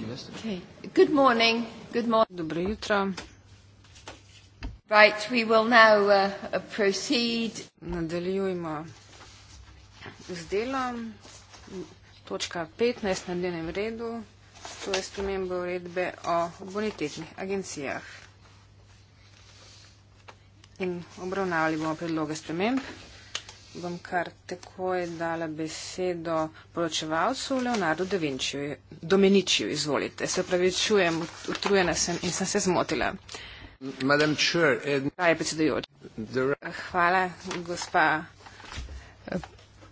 morning. Okay. Good morning. Good morning. Dobro jutro. Right, we will now uh, proceed. Nadaljujemo z delom. Točka 15 na dnevnem redu. To je sprememba uredbe o bonitetnih agencijah. In obravnavali bomo predloge sprememb bom kar takoj dala besedo poročevalcu Leonardo da Vinciju. Domeničiju, izvolite. Se pravi, čujem, utrujena sem in sem se zmotila. Hvala, gospa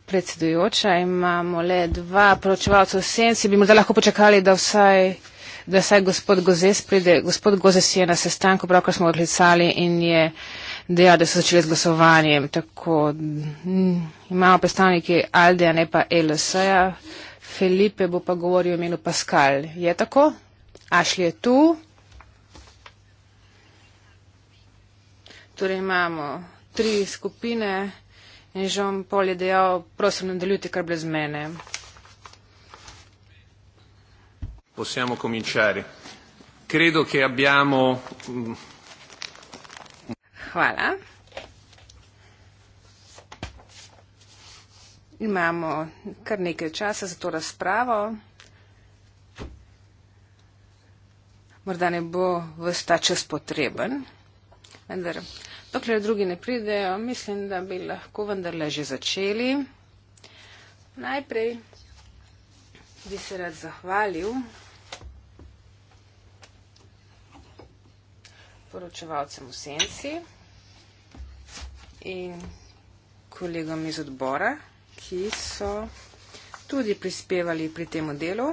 predsedujoča. Imamo le dva poročevalca v senci. Bi morda lahko počakali, da vsaj, da vsaj gospod Gozes pride. Gospod Gozes je na sestanku, pravkar smo odlicali in je dejal, da so začeli z glasovanjem. Tako, mm, imamo predstavniki Aldeja, ne pa LSE-ja. Felipe bo pa govoril o imenu Pascal. Je tako? Ašli je tu. Torej imamo tri skupine in Žom Pol je dejal, prosim, nadaljujte kar brez mene. Possiamo cominciare. Credo che abbiamo mm, hvala. Imamo kar nekaj časa za to razpravo. Morda ne bo vse ta čas potreben, vendar dokler drugi ne pridejo, mislim, da bi lahko vendarle že začeli. Najprej bi se rad zahvalil poročevalcem v senci in kolegom iz odbora, ki so tudi prispevali pri tem delu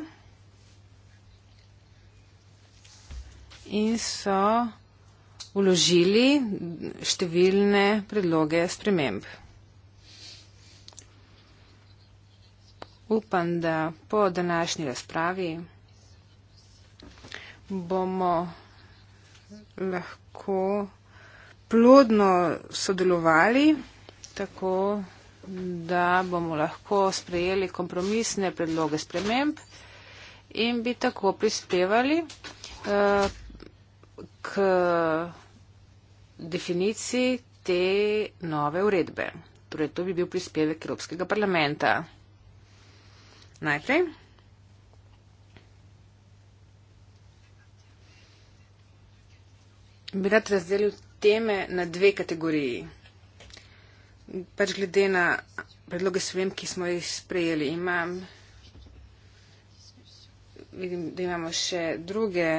in so uložili številne predloge sprememb. Upam, da po današnji razpravi bomo lahko plodno sodelovali, tako da bomo lahko sprejeli kompromisne predloge sprememb in bi tako prispevali uh, k definiciji te nove uredbe. Torej, to bi bil prispevek Evropskega parlamenta. Najprej. Bi rad razdelil teme na dve kategoriji. Pač glede na predloge sprem, ki smo jih sprejeli, imam, vidim, da imamo še druge,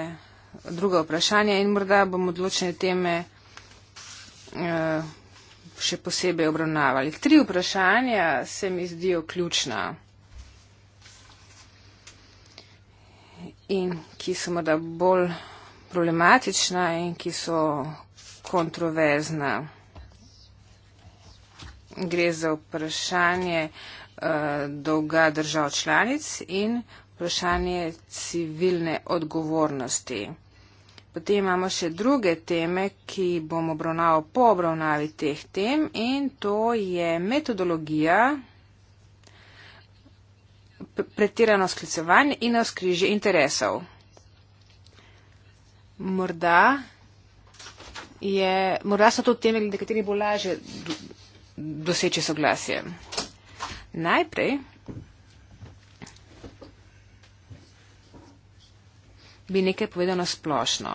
druga vprašanja in morda bomo odločene teme uh, še posebej obravnavali. Tri vprašanja se mi zdijo ključna. In ki so morda bolj problematična in ki so kontroverzna. Gre za vprašanje eh, dolga držav članic in vprašanje civilne odgovornosti. Potem imamo še druge teme, ki bom obravnaval po obravnavi teh tem in to je metodologija, pretirano sklicevanje in oskrižje interesov. Morda je, morda so to teme, glede katerih bo lažje doseči soglasje. Najprej bi nekaj povedano splošno.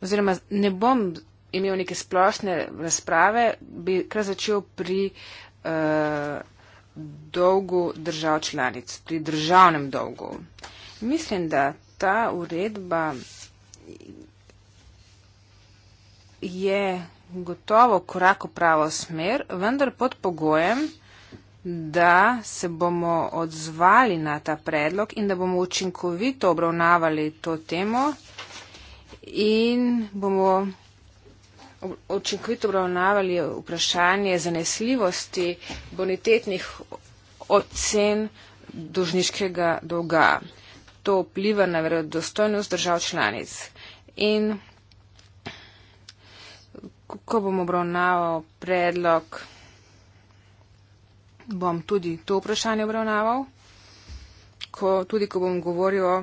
Oziroma, ne bom imel neke splošne razprave, bi kar začel pri uh, dolgu držav članic, pri državnem dolgu. Mislim, da ta uredba je gotovo korak v pravo smer, vendar pod pogojem, da se bomo odzvali na ta predlog in da bomo učinkovito obravnavali to temo in bomo učinkovito obravnavali vprašanje zanesljivosti bonitetnih ocen dožniškega dolga to vpliva na verodostojnost držav članic. In ko bom obravnaval predlog, bom tudi to vprašanje obravnaval, ko, tudi ko bom govoril o.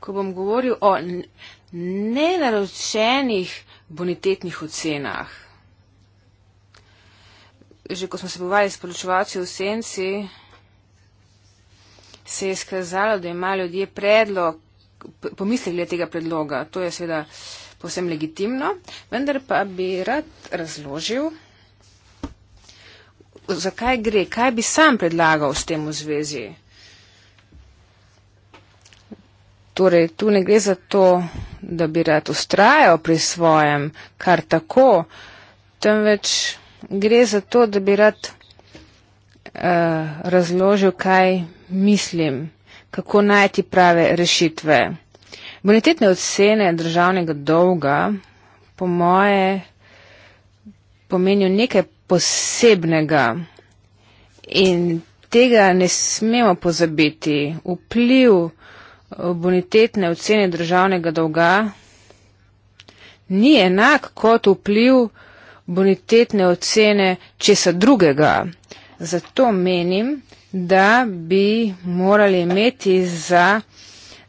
Ko bom govoril o nenaročenih bonitetnih ocenah, že ko smo se bovali s poročevalci v senci, se je skazalo, da ima ljudje predlog, pomislek glede tega predloga. To je seveda povsem legitimno, vendar pa bi rad razložil, zakaj gre, kaj bi sam predlagal s tem v zvezi. Torej, tu ne gre za to, da bi rad ustrajal pri svojem, kar tako, temveč gre za to, da bi rad uh, razložil, kaj mislim, kako najti prave rešitve. Bonitetne ocene državnega dolga, po moje, pomenijo nekaj posebnega in tega ne smemo pozabiti. Vpliv eh, bonitetne ocene državnega dolga ni enak kot vpliv uh, bonitetne ocene česa drugega. Zato menim, da bi morali imeti za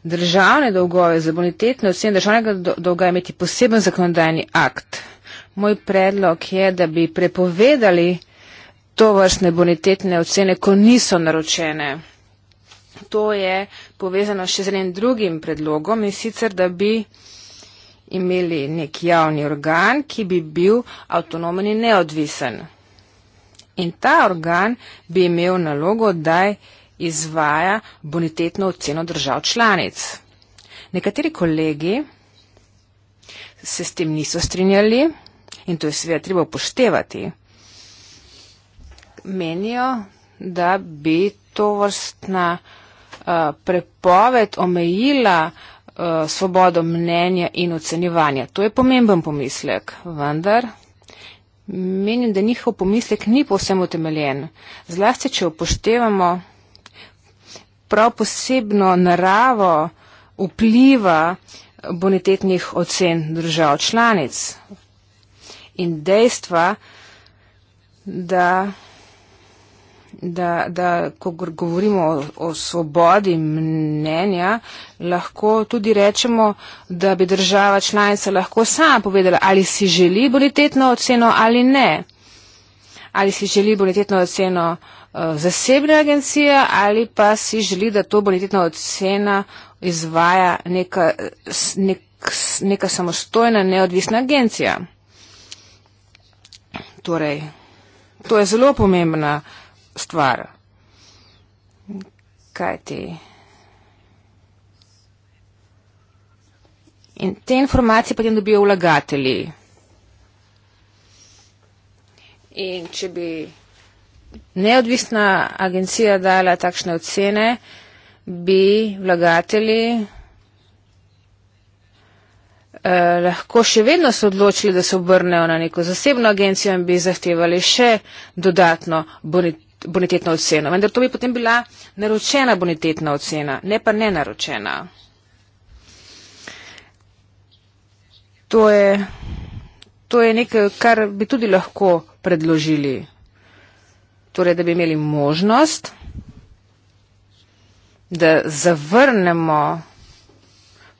državne dolgove, za bonitetne ocene državnega dolga imeti poseben zakonodajni akt. Moj predlog je, da bi prepovedali to vrstne bonitetne ocene, ko niso naročene. To je povezano še z enim drugim predlogom in sicer, da bi uh, imeli nek javni organ, ki bi bil avtonomen in neodvisen. In ta organ bi imel nalogo, da izvaja bonitetno oceno držav članic. Nekateri kolegi se s tem niso strinjali in to je seveda treba upoštevati. Menijo, da bi to vrstna uh, eh, prepoved omejila uh, Eh, svobodo mnenja in ocenjevanja. To je pomemben pomislek, vendar menim, da njihov pomislek ni povsem utemeljen. Zlasti, če upoštevamo prav posebno naravo vpliva bonitetnih ocen držav članic in dejstva, da da, da ko govorimo o, o svobodi mnenja, lahko tudi rečemo, da bi država članica lahko sama povedala, ali si želi bonitetno oceno ali ne. Ali si želi bonitetno oceno uh, zasebne agencije ali pa si želi, da to bonitetna ocena izvaja neka, nek, neka samostojna, neodvisna agencija. Torej, to je zelo pomembna. Uh, stvar. Kaj ti? In te informacije potem dobijo vlagatelji. In če bi neodvisna agencija dala takšne ocene, bi vlagatelji eh, lahko še vedno se odločili, da se obrnejo na neko zasebno agencijo in bi zahtevali še dodatno bonitetno bonitetno oceno. Vendar to bi potem bila naročena bonitetna ocena, ne pa nenaročena. To je, to je nekaj, kar bi tudi lahko predložili. Torej, da bi imeli možnost, da zavrnemo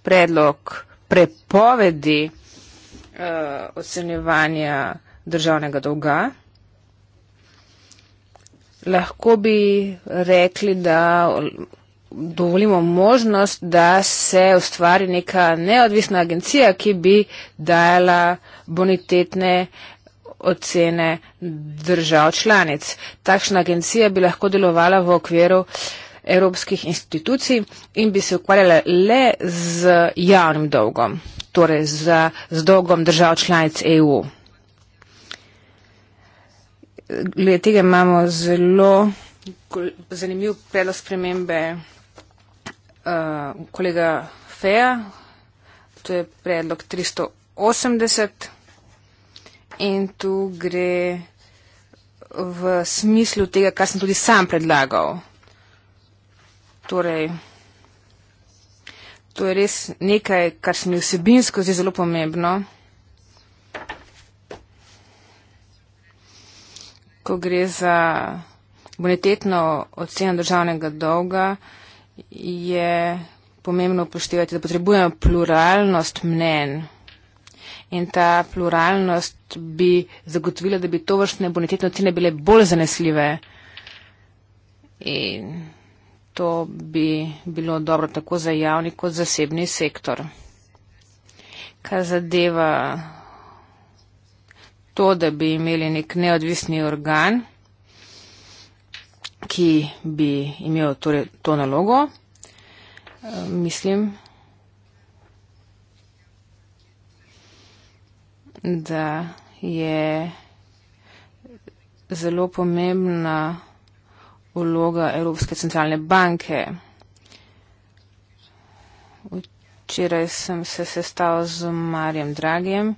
predlog prepovedi uh, ocenjevanja državnega dolga. Lahko bi rekli, da dovolimo možnost, da se ustvari neka neodvisna agencija, ki bi dajala bonitetne ocene držav članic. Takšna agencija bi lahko delovala v okviru evropskih institucij in bi se ukvarjala le z javnim dolgom, torej z, z dolgom držav članic EU glede tega imamo zelo zanimiv predlog spremembe uh, kolega Feja. To je predlog 380 in tu gre v smislu tega, kar sem tudi sam predlagal. Torej, to je res nekaj, kar se mi vsebinsko zdi zelo pomembno. ko gre za bonitetno oceno državnega dolga, je pomembno upoštevati, da potrebujemo pluralnost mnen. In ta pluralnost bi zagotovila, da bi to vrstne bonitetne ocene bile bolj zanesljive. In to bi bilo dobro tako za javni kot zasebni sektor. Kar zadeva to, da bi imeli nek neodvisni organ, ki bi imel torej to nalogo, eh, mislim, da je zelo pomembna vloga Evropske centralne banke. Včeraj sem se sestal z Marjem Dragim,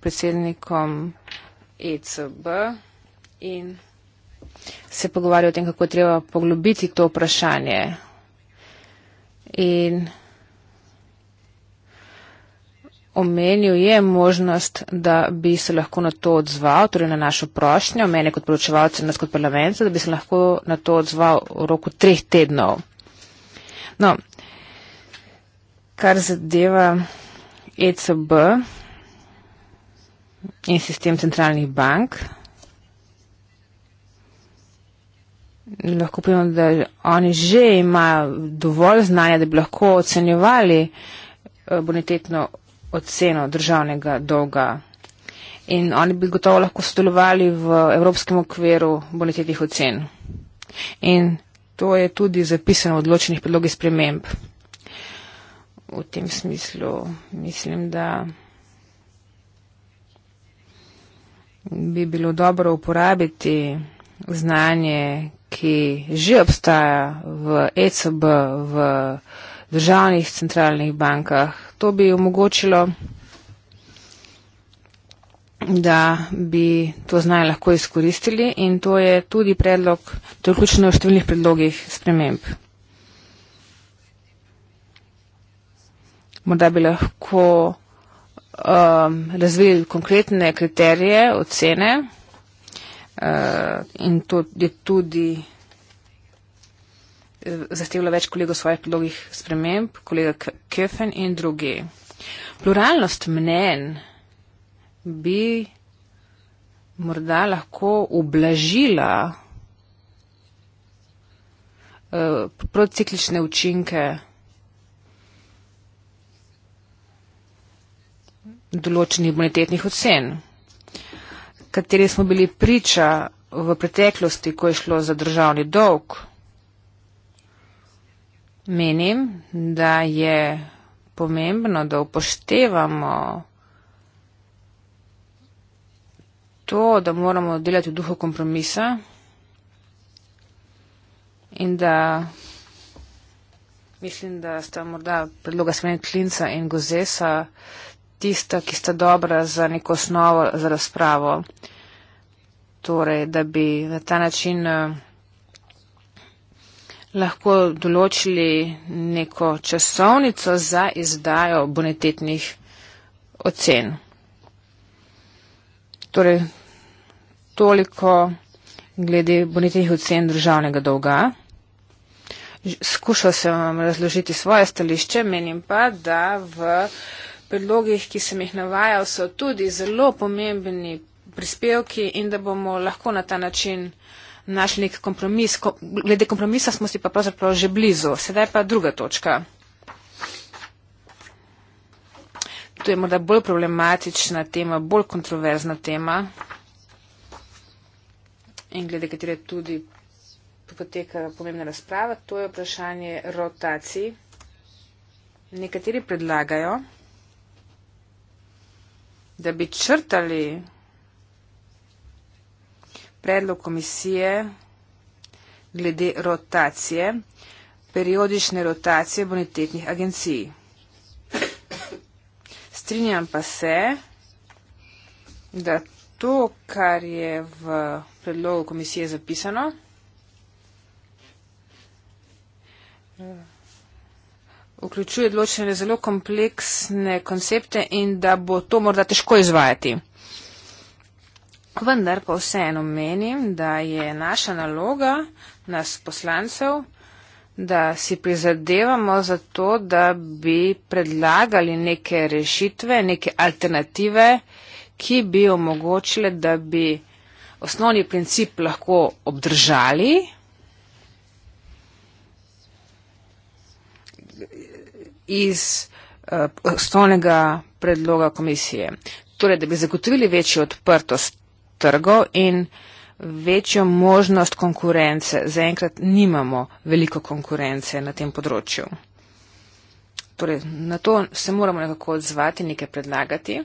predsednikom ECB in se pogovarja o tem, kako treba poglobiti to vprašanje. In omenil je možnost, da bi se lahko na to odzval, torej na našo prošnjo, mene kot poročevalce, nas kot parlamenta, da bi se lahko na to odzval v roku treh tednov. No, kar zadeva ECB, in sistem centralnih bank. Lahko povemo, da oni že imajo dovolj znanja, da bi lahko ocenjevali eh, bonitetno oceno državnega dolga. In oni bi gotovo lahko sodelovali v evropskem okviru bonitetnih ocen. In to je tudi zapisano v odločenih predlogih sprememb. V tem smislu mislim, da. bi bilo dobro uporabiti znanje, ki že obstaja v ECB, v državnih centralnih bankah. To bi omogočilo, da bi to znanje lahko izkoristili in to je tudi predlog, to je vključeno v številnih predlogih sprememb. Morda bi lahko um, razvili konkretne kriterije, ocene uh, in to je tudi eh, zahtevalo več kolegov svojih predlogih sprememb, kolega Kefen in drugi. Pluralnost mnen bi morda lahko ublažila uh, prociklične učinke. določenih bonitetnih ocen, kateri smo bili priča v preteklosti, ko je šlo za državni dolg, menim, da je pomembno, da upoštevamo to, da moramo delati v duhu kompromisa in da mislim, da sta morda predloga Svenet Klinca in Gozesa tista, ki sta dobra za neko osnovo, za razpravo. Torej, da bi na ta način eh, lahko določili neko časovnico za izdajo bonitetnih ocen. Torej, toliko glede bonitetnih ocen državnega dolga. Skušal sem vam razložiti svoje stališče, menim pa, da v predlogih, ki sem jih navajal, so tudi zelo pomembni prispevki in da bomo lahko na ta način našli nek kompromis. Glede kompromisa smo si pa pravzaprav že blizu. Sedaj pa druga točka. To je morda bolj problematična tema, bolj kontroverzna tema in glede katere tudi poteka pomembna razprava. To je vprašanje rotacij. Nekateri predlagajo, da bi črtali predlog komisije glede rotacije, periodične rotacije bonitetnih agencij. Strinjam pa se, da to, kar je v predlogu komisije zapisano, vključuje določene zelo kompleksne koncepte in da bo to morda težko izvajati. Vendar pa vseeno menim, da je naša naloga nas poslancev, da si prizadevamo za to, da bi predlagali neke rešitve, neke alternative, ki bi omogočile, da bi osnovni princip lahko obdržali iz eh, osnovnega predloga komisije. Torej, da bi zagotovili večjo odprtost trgov in večjo možnost konkurence. Zaenkrat nimamo veliko konkurence na tem področju. Torej, na to se moramo nekako odzvati, nekaj predlagati.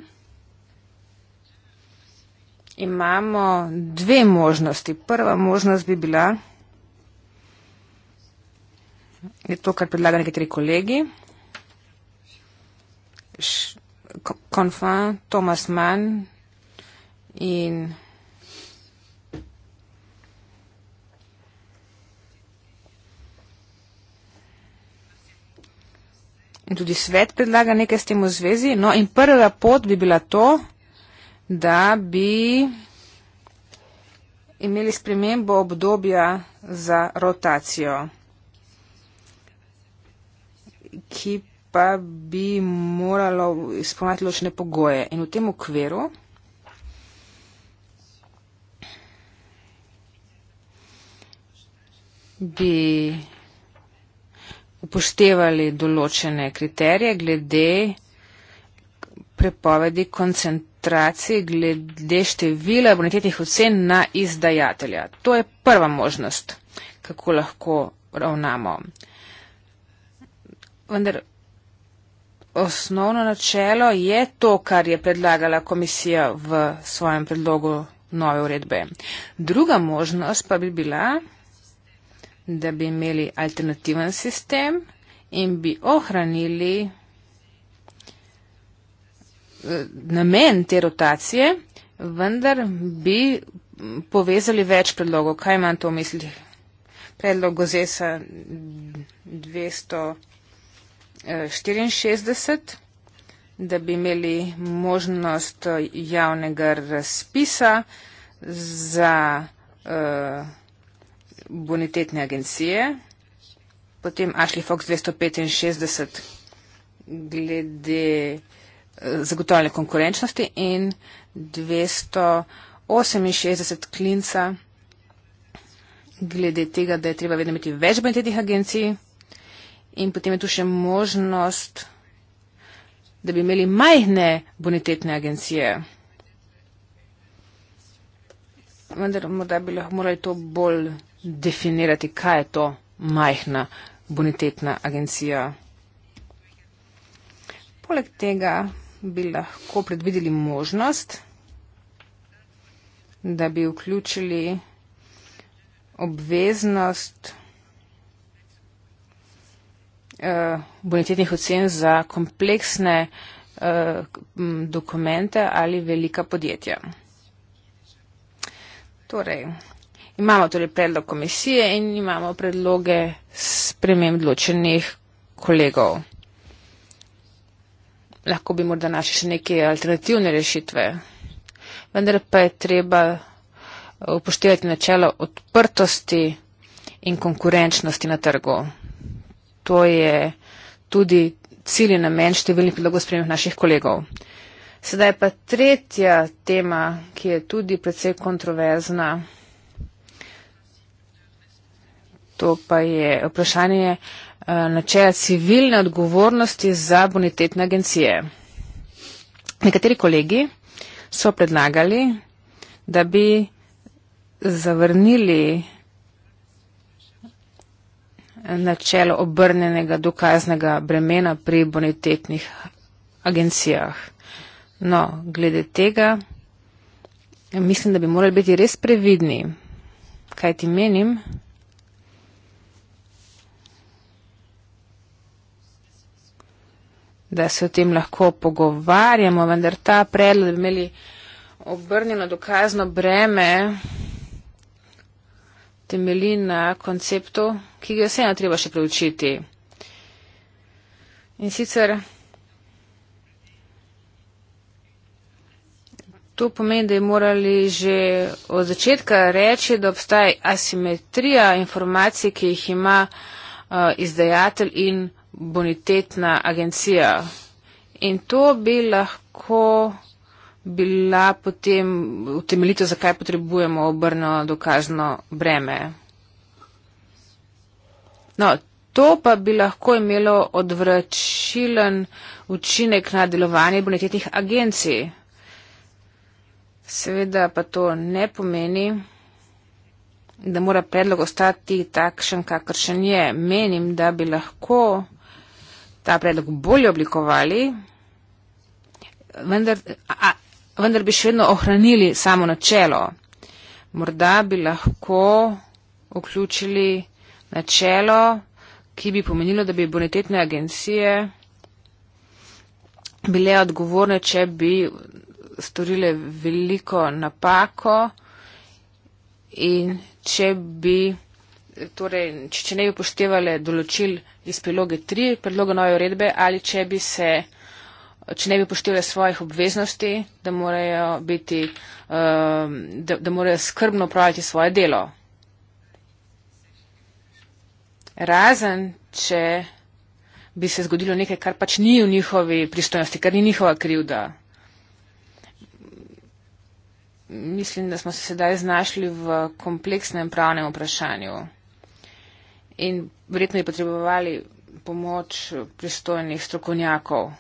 Imamo dve možnosti. Prva možnost bi bila, je to, kar predlagajo nekateri kolegi, Konfan, Thomas Mann in In tudi svet predlaga nekaj s tem v zvezi. No in prva pot bi bila to, da bi imeli spremembo obdobja za rotacijo, ki pa bi moralo izpolniti ločne pogoje. In v tem okviru bi upoštevali določene kriterije glede prepovedi koncentracij, glede števila bonitetnih ocen na izdajatelja. To je prva možnost, kako lahko ravnamo. Vendar osnovno načelo je to, kar je predlagala komisija v svojem predlogu nove uredbe. Druga možnost pa bi bila, da bi imeli alternativen sistem in bi ohranili eh, namen te rotacije, vendar bi povezali več predlogov. Kaj imam to v mislih? Predlog Gozesa 200. 64, da bi imeli možnost eh, javnega razpisa za eh, bonitetne agencije. Potem Ashley Fox 265 glede eh, zagotavljanja konkurenčnosti in 200 oseminšestdeset Klinca glede tega, da je treba vedno imeti več bonitetnih agencij. In potem je tu še možnost, da bi imeli majhne bonitetne agencije. Vendar morda bi lahko morali to bolj definirati, kaj je to majhna bonitetna agencija. Poleg tega bi lahko predvideli možnost, da bi vključili obveznost Eh, bonitetnih ocen za kompleksne eh, dokumente ali velika podjetja. Torej, imamo torej predlog komisije in imamo predloge sprememb ločenih kolegov. Lahko bi morda našli še neke alternativne rešitve, vendar pa je treba eh, upoštevati načelo odprtosti in konkurenčnosti na trgu. To je tudi cilj in namen številnih predlogov spremljenih naših kolegov. Sedaj pa tretja tema, ki je tudi predvsej kontroverzna. To pa je vprašanje eh, načela civilne odgovornosti za bonitetne agencije. Nekateri kolegi so predlagali, da bi zavrnili načelo obrnjenega dokaznega bremena pri bonitetnih agencijah. No, glede tega, mislim, da bi morali biti res previdni, kaj ti menim. da se o tem lahko pogovarjamo, vendar ta predlog, da bi imeli obrnjeno dokazno breme, temelji na konceptu ki ga vseeno treba še preučiti. In sicer to pomeni, da je morali že od začetka reči, da obstaja asimetrija informacij, ki jih ima uh, izdajatelj in bonitetna agencija. In to bi lahko bila potem utemeljitev, zakaj potrebujemo obrno dokazno breme. No, to pa bi lahko imelo odvračilen učinek na delovanje bonitetnih agencij. Seveda pa to ne pomeni, da mora predlog ostati takšen, kakršen je. Menim, da bi lahko ta predlog bolje oblikovali, vendar, a, a, vendar bi še vedno ohranili samo načelo. Morda bi lahko vključili načelo, ki bi pomenilo, da bi bonitetne agencije bile odgovorne, če bi storile veliko napako in če bi, torej, če, če ne bi upoštevale določil iz priloge 3 predloga nove uredbe ali če bi se, če ne bi upoštevale svojih obveznosti, da morajo biti, eh, da, da morajo skrbno upravljati svoje delo razen če bi se zgodilo nekaj, kar pač ni v njihovi pristojnosti, kar ni njihova krivda. Mislim, da smo se sedaj znašli v kompleksnem pravnem vprašanju in verjetno bi potrebovali pomoč pristojnih strokovnjakov.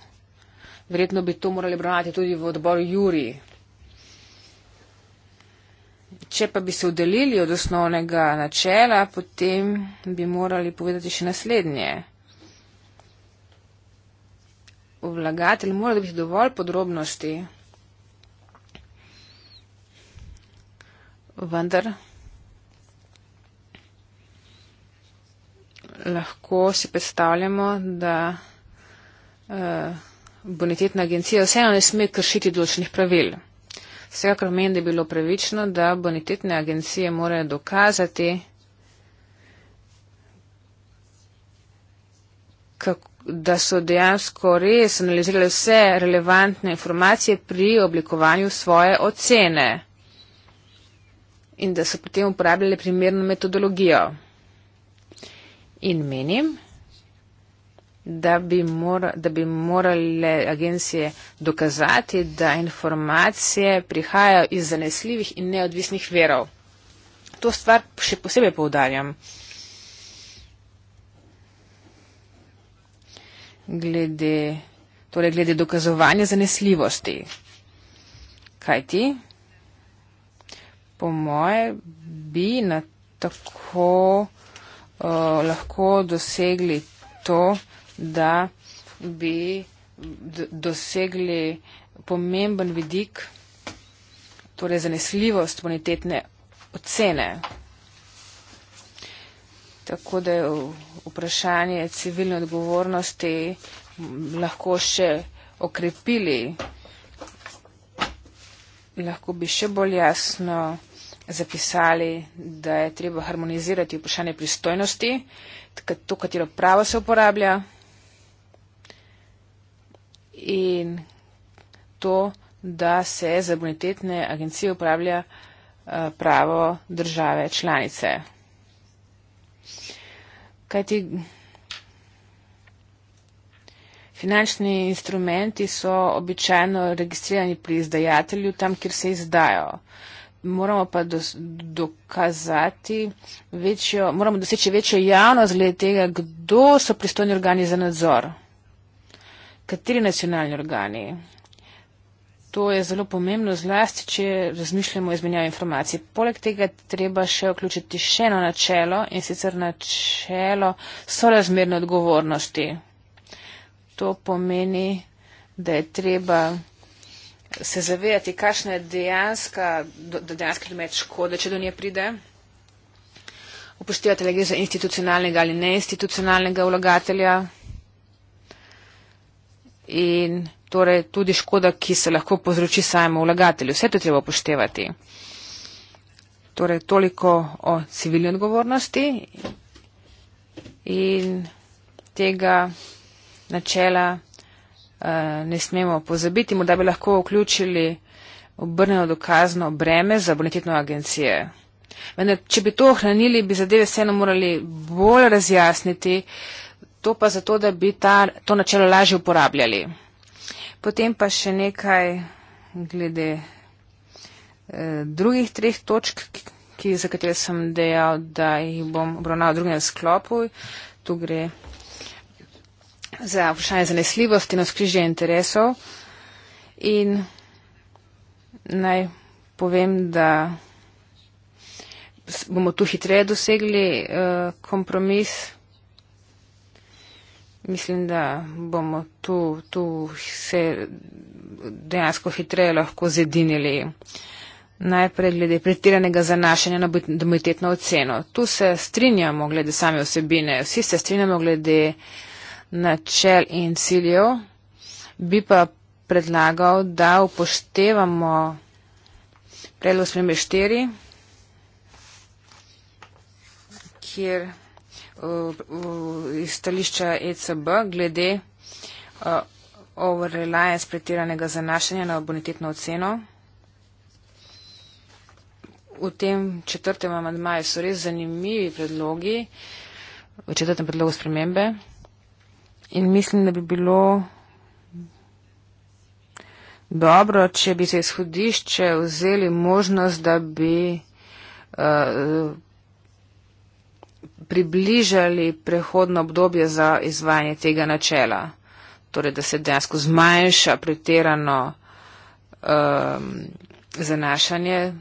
Verjetno bi to morali obravnavati tudi v odboru Juri. Če pa bi se udelili od osnovnega načela, potem bi morali povedati še naslednje. Vlagatelj mora dobiti dovolj podrobnosti, vendar lahko si predstavljamo, da uh, bonitetna agencija vseeno ne sme kršiti določenih pravil. Vsekakor meni, da je bilo pravično, da bonitetne agencije morajo dokazati, kako, da so dejansko res analizirali vse relevantne informacije pri oblikovanju svoje ocene in da so potem uporabljali primerno metodologijo. In menim, da bi, mora, da bi morale agencije dokazati, da informacije prihajajo iz zanesljivih in neodvisnih verov. To stvar še posebej poudarjam. Glede, torej glede dokazovanja zanesljivosti. Kaj ti? Po moje bi na tako uh, lahko dosegli to, da bi dosegli pomemben vidik, torej zanesljivost bonitetne ocene. Tako da je vprašanje civilne odgovornosti lahko še okrepili, lahko bi še bolj jasno zapisali, da je treba harmonizirati vprašanje pristojnosti, to, katero pravo se uporablja in to, da se za bonitetne agencije upravlja eh, pravo države članice. Kaj ti finančni instrumenti so običajno registrirani pri izdajatelju, tam, kjer se izdajo. Moramo pa dokazati večjo, moramo doseči večjo javnost glede tega, kdo so pristojni organi za nadzor kateri nacionalni organi. To je zelo pomembno, zlasti, če razmišljamo o izmenjavi informacij. Poleg tega treba še vključiti še eno načelo in sicer načelo sorazmerne odgovornosti. To pomeni, da je treba se zavedati, kakšna je dejanska, da dejanski domet škode, če do nje pride. Upoštevati, da gre za institucionalnega ali neinstitucionalnega vlagatelja in torej tudi škoda, ki se lahko povzroči samemu vlagatelju. Vse to treba upoštevati. Torej, toliko o civilni odgovornosti in tega načela eh, ne smemo pozabiti. Morda bi lahko vključili obrneno dokazno breme za bonitetno agencije. Vendar, če bi to ohranili, bi zadeve vseeno morali bolj razjasniti, eh, to pa zato, da bi ta, to načelo lažje uporabljali. Potem pa še nekaj glede eh, drugih treh točk, ki, za katere sem dejal, da jih bom obravnal v drugem sklopu. Tu gre za vprašanje zanesljivosti in oskrižje interesov. In naj povem, da bomo tu hitreje dosegli eh, kompromis. Mislim, da bomo tu, tu se dejansko hitreje lahko zedinili. Najprej glede pretiranega zanašanja na domitetno oceno. Tu se strinjamo glede same osebine, vsi se strinjamo glede načel in ciljev, bi pa predlagal, da upoštevamo predlog spremembe 4, kjer. Eh, iz stališča ECB glede eh, overreliance pretiranega zanašanja na bonitetno oceno. V tem četrtem amadmaju so res zanimivi predlogi, v četrtem predlogu spremembe. In mislim, da bi bilo dobro, če bi se izhodišče vzeli možnost, da bi uh, približali prehodno obdobje za izvajanje tega načela, torej da se dejansko zmanjša pretirano um, zanašanje.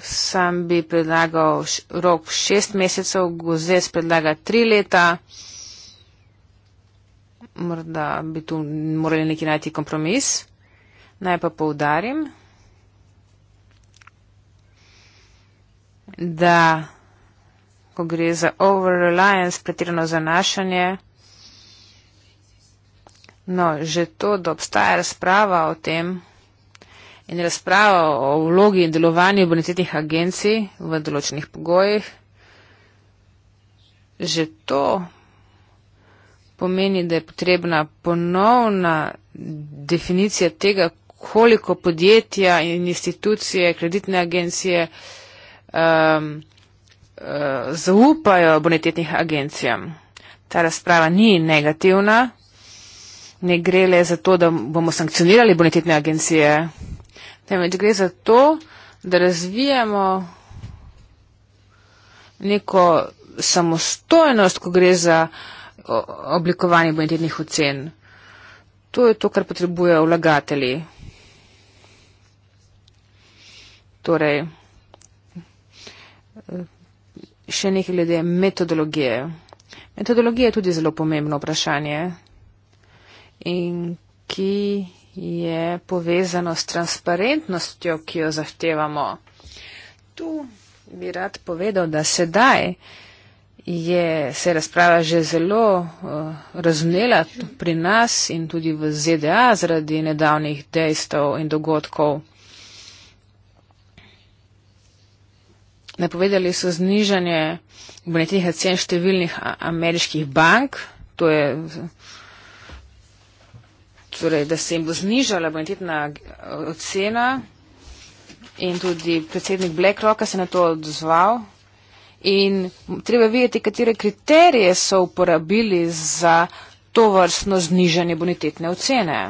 Sam bi predlagal rok šest mesecev, Gozes predlaga tri leta. Morda bi tu morali neki najti kompromis. Naj pa poudarim. da ko gre za over-reliance, pretirano zanašanje, no, že to, da obstaja razprava o tem, In razprava o vlogi in delovanju bonitetnih agencij v določenih pogojih, že to pomeni, da je potrebna ponovna definicija tega, koliko podjetja in institucije, kreditne agencije uh, um, uh, zaupajo bonitetnih agencijam. Ta razprava ni negativna, ne gre le za to, da bomo sankcionirali bonitetne agencije, temveč gre za to, da razvijamo neko samostojnost, ko gre za oblikovanje bonitetnih ocen. To je to, kar potrebujejo vlagatelji. Torej, Eh, še nekaj glede metodologije. Metodologija je tudi zelo pomembno vprašanje in ki je povezano s transparentnostjo, ki jo zahtevamo. Tu bi rad povedal, da sedaj je se razprava že zelo uh, razumela pri nas in tudi v ZDA zaradi nedavnih dejstev in dogodkov. Napovedali so znižanje bonitetnih cen številnih ameriških bank, to je, torej, da se jim bo znižala bonitetna ocena in tudi predsednik BlackRocka se je na to odzval. In treba videti, katere kriterije so uporabili za to vrstno znižanje bonitetne ocene.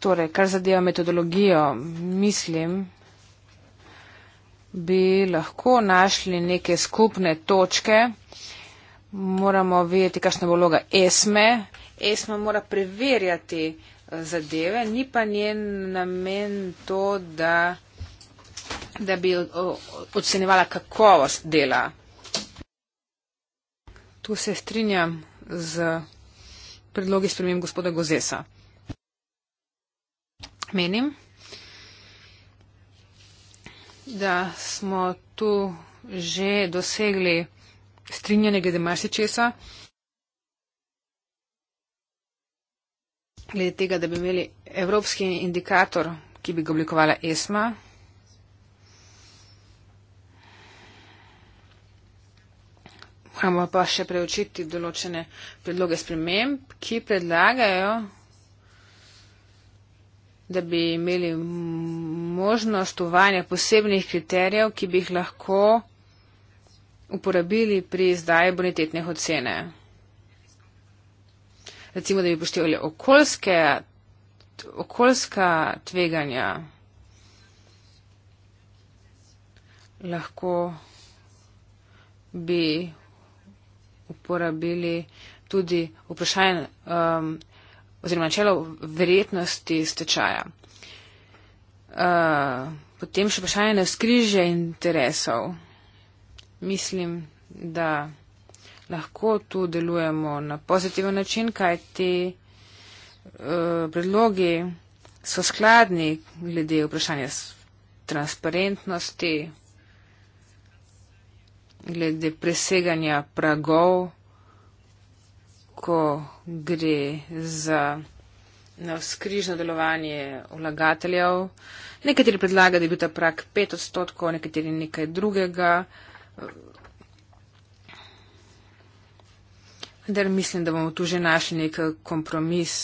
Torej, kar zadeva metodologijo, mislim, bi lahko našli neke skupne točke. Moramo vedeti, kakšna bo vloga ESME. ESME mora preverjati eh, zadeve, ni pa njen namen to, da, da bi eh, ocenjevala kakovost dela. Tu se strinjam z predlogi spremem gospoda Gozesa. Menim da smo tu že dosegli strinjanje glede marsičesa. Glede tega, da bi imeli evropski indikator, ki bi ga oblikovala ESMA. Moramo pa še preučiti določene predloge sprememb, ki predlagajo da bi imeli možnost uvajanja posebnih kriterijev, ki bi jih lahko uporabili pri izdaji bonitetne ocene. Recimo, da bi poštevali okoljske, okoljska tveganja. Lahko bi uporabili tudi vprašanje. Um, oziroma načelo verjetnosti stečaja. Uh, potem še vprašanje na skrižje interesov. Mislim, da lahko tu delujemo na pozitiven način, kaj ti uh, eh, predlogi so skladni glede vprašanja transparentnosti, glede preseganja pragov, ko gre za navskrižno delovanje vlagateljev. Nekateri predlagajo, da je bil ta prak 5 odstotkov, nekateri nekaj drugega. Vendar mislim, da bomo tu že našli nek kompromis,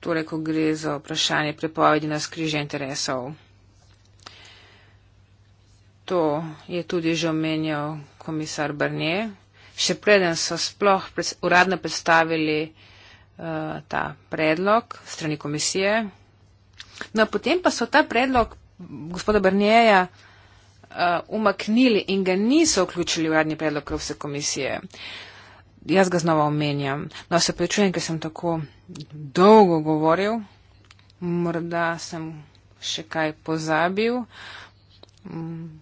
torej, ko gre za vprašanje prepovedi na skriže interesov. To je tudi že omenjal komisar Barnier še preden so sploh uradno predstavili uh, ta predlog strani komisije. No, potem pa so ta predlog gospoda Brnjeja uh, eh, umaknili in ga niso vključili v uradni predlog Evropske komisije. Jaz ga znova omenjam. No, se prečujem, ker sem tako dolgo govoril. Morda sem še kaj pozabil. Mm.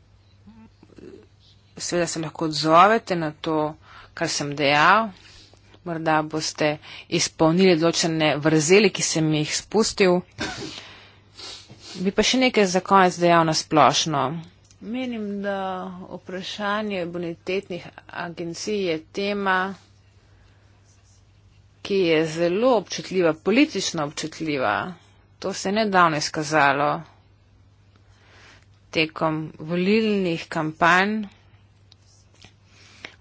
Seveda se lahko odzovete na to kar sem dejal. Morda boste izpolnili določene vrzeli, ki sem jih spustil. Bi pa še nekaj za konec dejal na splošno. Menim, da vprašanje bonitetnih agencij je tema, ki je zelo občutljiva, politično občutljiva. To se je nedavno izkazalo tekom volilnih kampanj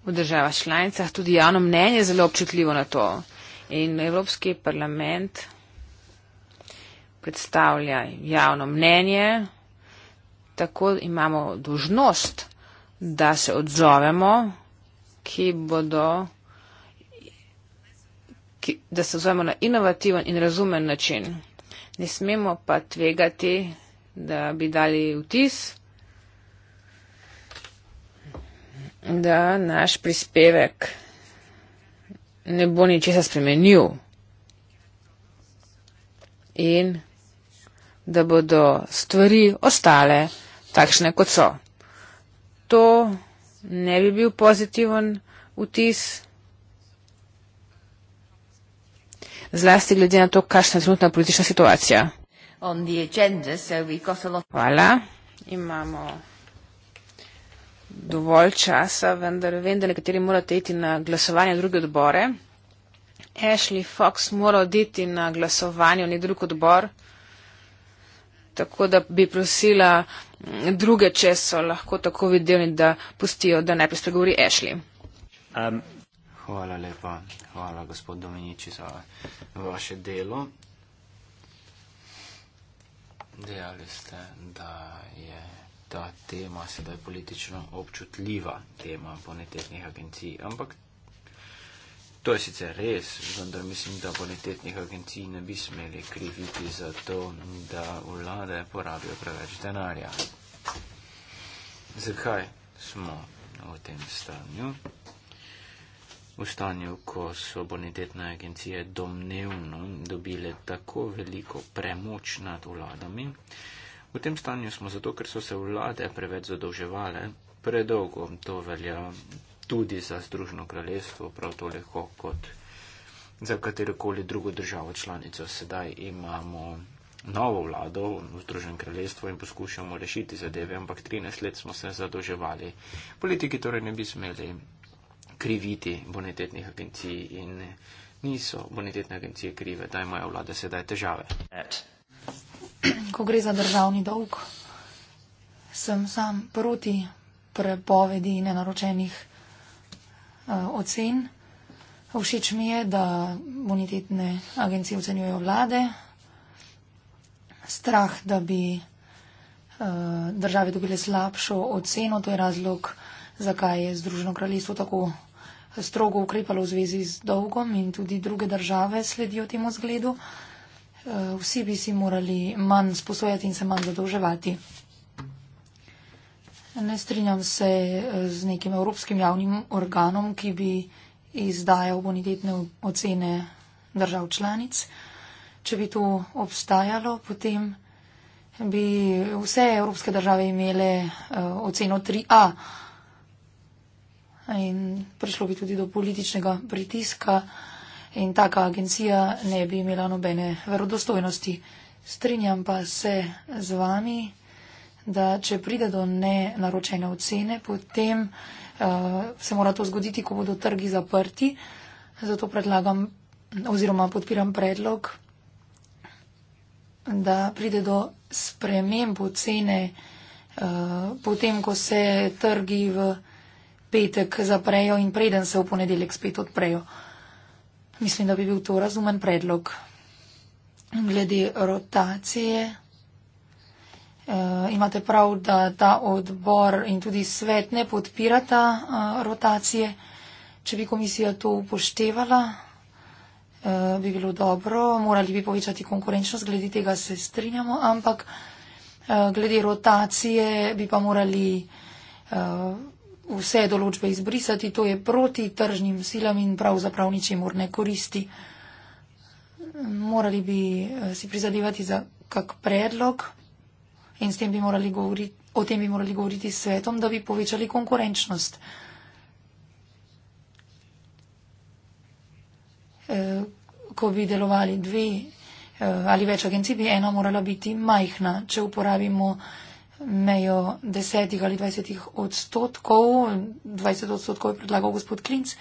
v državah članicah, tudi javno mnenje je zelo občutljivo na to. In Evropski parlament predstavlja javno mnenje, tako imamo dožnost, da se odzovemo, ki bodo, ki, da se odzovemo na inovativen in razumen način. Ne smemo pa tvegati, da bi dali vtis, da naš prispevek ne bo ničesar spremenil in da bodo stvari ostale takšne, kot so. To ne bi bil pozitiven vtis, zlasti glede na to, kakšna je trenutna politična situacija. Agenda, so Hvala. Imamo dovolj časa, vendar vem, da nekateri morate iti na glasovanje v druge odbore. Ashley Fox mora oditi na glasovanje v nek drug odbor, tako da bi prosila druge, če so lahko tako videli, da pustijo, da najprej spregovori Ashley. Um. Hvala lepa, hvala gospod Dominiči za vaše delo. Dejali ste, da je ta tema sedaj politično občutljiva tema bonitetnih agencij. Ampak to je sicer res, vendar mislim, da bonitetnih agencij ne bi smeli kriviti za to, da vlade porabijo preveč denarja. Zakaj smo v tem stanju? V stanju, ko so bonitetne agencije domnevno dobile tako veliko premoč nad vladami, V tem stanju smo zato, ker so se vlade preveč zadolževale, predolgo to velja tudi za Združno kraljestvo, prav toliko kot za katerokoli drugo državo članico. Sedaj imamo novo vlado v Združen kraljestvo in poskušamo rešiti zadeve, ampak 13 let smo se zadolževali. Politiki torej ne bi smeli kriviti bonitetnih agencij in niso bonitetne agencije krive, da imajo vlade sedaj težave ko gre za državni dolg, sem sam proti prepovedi nenaročenih uh, ocen. Všeč mi je, da bonitetne agencije ocenjujejo vlade. Strah, da bi uh, države dobile slabšo oceno, to je razlog, zakaj je Združeno kraljestvo tako strogo ukrepalo v zvezi z dolgom in tudi druge države sledijo temu zgledu. Uh, Eh, vsi bi si morali manj sposojati in se manj zadolževati. Ne strinjam se eh, z nekim evropskim javnim organom, ki bi izdajal bonitetne ocene držav članic. Če bi to obstajalo, potem bi vse evropske države imele eh, oceno 3A in prišlo bi tudi do političnega pritiska in taka agencija ne bi imela nobene verodostojnosti. Strinjam pa se z vami, da če pride do nenaročene ocene, potem uh, se mora to zgoditi, ko bodo trgi zaprti. Zato predlagam oziroma podpiram predlog, da pride do sprememb ocene uh, potem, ko se trgi v petek zaprejo in preden se v ponedeljek spet odprejo. Uh, Mislim, da bi bil to razumen predlog. Glede rotacije, eh, imate prav, da ta odbor in tudi svet ne podpirata eh, rotacije. Če bi komisija to upoštevala, eh, bi bilo dobro, morali bi povečati konkurenčnost, glede tega se strinjamo, ampak glede rotacije bi pa morali vse določbe izbrisati, to je proti tržnim silam in pravzaprav ničemur ne koristi. Morali bi eh, si prizadevati za kak predlog in s tem bi morali govoriti, o tem bi morali govoriti s svetom, da bi povečali konkurenčnost. Eh, ko bi delovali dve eh, ali več agencij, bi ena morala biti majhna, če uporabimo mejo desetih ali dvajsetih odstotkov, dvajset odstotkov je predlagal gospod Klinc,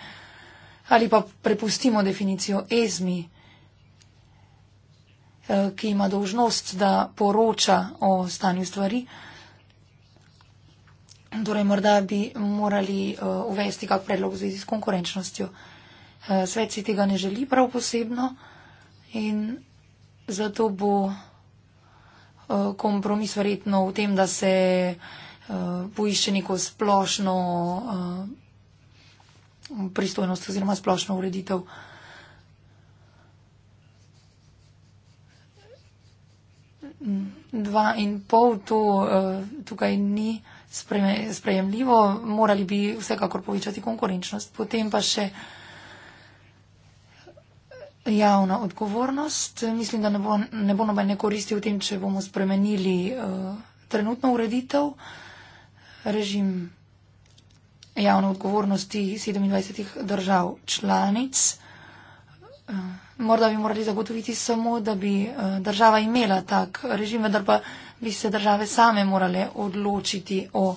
ali pa prepustimo definicijo ESMI, eh, ki ima dožnost, da poroča o stanju stvari. Torej, morda bi morali eh, uvesti kak predlog v zvezi s konkurenčnostjo. Eh, svet si tega ne želi prav posebno in zato bo kompromis verjetno v tem, da se eh, poišče neko splošno eh, pristojnost oziroma splošno ureditev. Dva in pol to eh, tukaj ni sprejemljivo, morali bi vsekakor povečati konkurenčnost. Potem pa še javna odgovornost. Mislim, da ne bo, ne bo nobene koristi v tem, če bomo spremenili uh, trenutno ureditev. Režim javne odgovornosti 27 držav članic. Eh, morda bi morali zagotoviti samo, da bi eh, država imela tak režim, vendar pa bi se države same morale odločiti o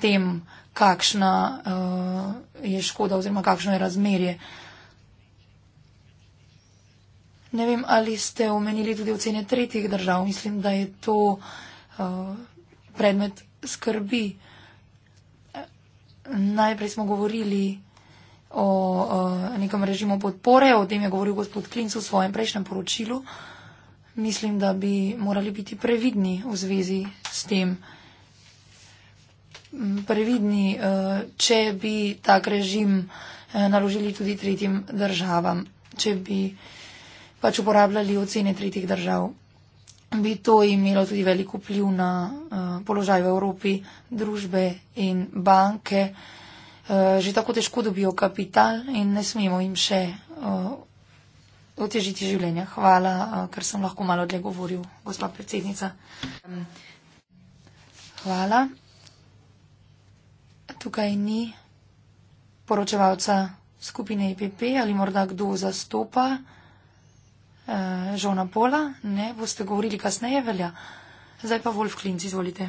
tem, kakšna je škoda oziroma kakšno je razmerje Ne vem, ali ste omenili tudi ocene tretjih držav. Mislim, da je to uh, predmet skrbi. Najprej smo govorili o uh, nekem režimu podpore, o tem je govoril gospod Klinc v svojem prejšnjem poročilu. Mislim, da bi morali biti previdni v zvezi s tem. Mm, previdni, uh, če bi tak režim uh, naložili tudi tretjim državam. Če bi uh, pač uporabljali ocene tretjih držav, bi to imelo tudi veliko pliv na uh, položaj v Evropi, družbe in banke. Uh, že tako težko dobijo kapital in ne smemo jim še uh, otežiti življenja. Hvala, uh, ker sem lahko malo dlje govoril, gospa predsednica. Hvala. Tukaj ni poročevalca skupine IPP e ali morda kdo zastopa uh, eh, Žona Pola, ne boste govorili kasneje, velja. Zdaj pa Wolf Klinc, izvolite.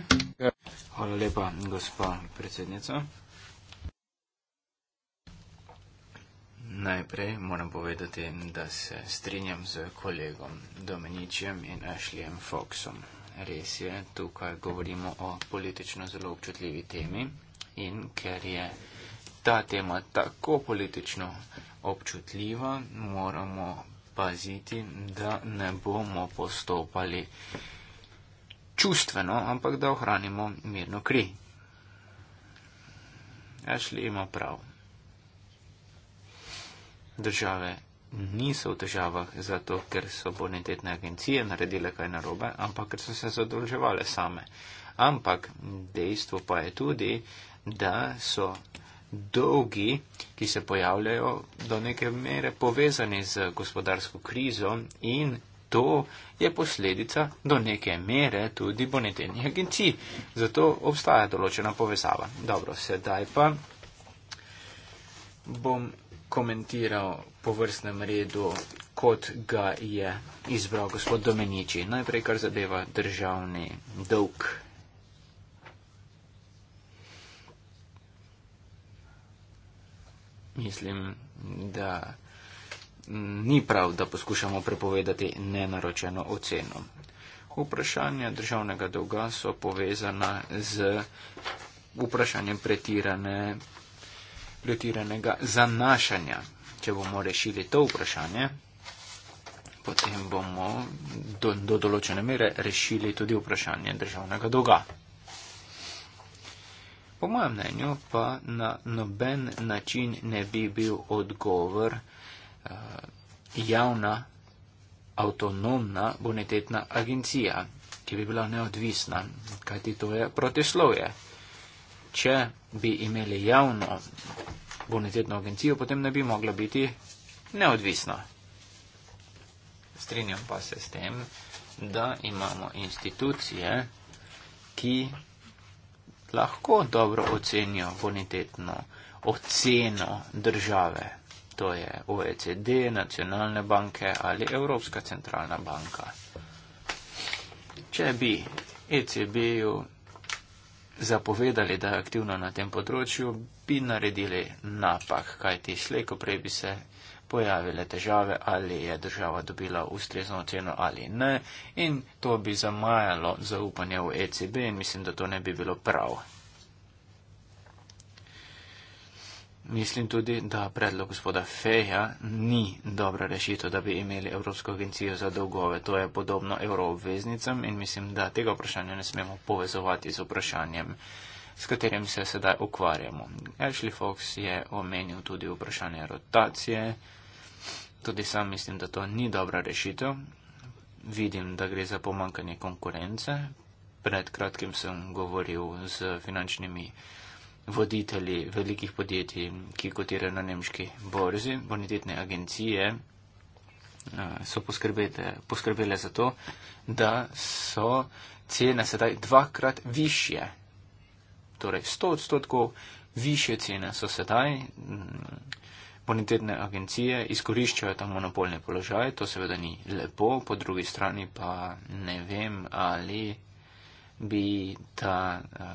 Hvala lepa, gospa predsednica. Najprej moram povedati, da se strinjam z kolegom Domeničem in Ashleyem Foxom. Res je, tukaj govorimo o politično zelo občutljivi temi in ker je ta tema tako politično občutljiva, moramo paziti, da ne bomo postopali čustveno, ampak da ohranimo mirno kri. Ashley ima prav. Države niso v težavah zato, ker so bonitetne agencije naredile kaj narobe, ampak ker so se zadolževale same. Ampak dejstvo pa je tudi, da so dolgi, ki se pojavljajo do neke mere povezani z gospodarsko krizo in to je posledica do neke mere tudi bonitetnih agencij. Zato obstaja določena povezava. Dobro, sedaj pa bom komentiral po vrstnem redu, kot ga je izbral gospod Domeniči. Najprej, kar zadeva državni dolg. Mislim, da ni prav, da poskušamo prepovedati nenaročeno oceno. Vprašanja državnega dolga so povezana z vprašanjem pretirane, pretiranega zanašanja. Če bomo rešili to vprašanje, potem bomo do, do določene mere rešili tudi vprašanje državnega dolga. Po mojem mnenju pa na noben način ne bi bil odgovor uh, javna, avtonomna bonitetna agencija, ki bi bila neodvisna, kajti to je protislovje. Če bi imeli javno bonitetno agencijo, potem ne bi mogla biti neodvisna. Strinjam pa se s tem, da imamo institucije, ki lahko dobro ocenijo bonitetno oceno države. To je OECD, nacionalne banke ali Evropska centralna banka. Če bi ECB-ju zapovedali, da je aktivno na tem področju, bi naredili napak, kajti slejko prej bi se pojavile težave, ali je država dobila ustrezno oceno ali ne, in to bi zamajalo zaupanje v ECB in mislim, da to ne bi bilo prav. Mislim tudi, da predlog gospoda Feja ni dobra rešitev, da bi imeli Evropsko agencijo za dolgove. To je podobno evroobveznicam in mislim, da tega vprašanja ne smemo povezovati z vprašanjem, s katerim se sedaj ukvarjamo. Ashley Fox je omenil tudi vprašanje rotacije. Tudi sam mislim, da to ni dobra rešitev. Vidim, da gre za pomankanje konkurence. Pred kratkim sem govoril z finančnimi voditelji velikih podjetij, ki kotirajo na nemški borzi. Bonitetne agencije eh, so poskrbele za to, da so cene sedaj dvakrat više. Torej, 100 odstotkov više cene so sedaj bonitetne agencije izkoriščajo ta monopolni položaj, to seveda ni lepo, po drugi strani pa ne vem, ali bi ta uh,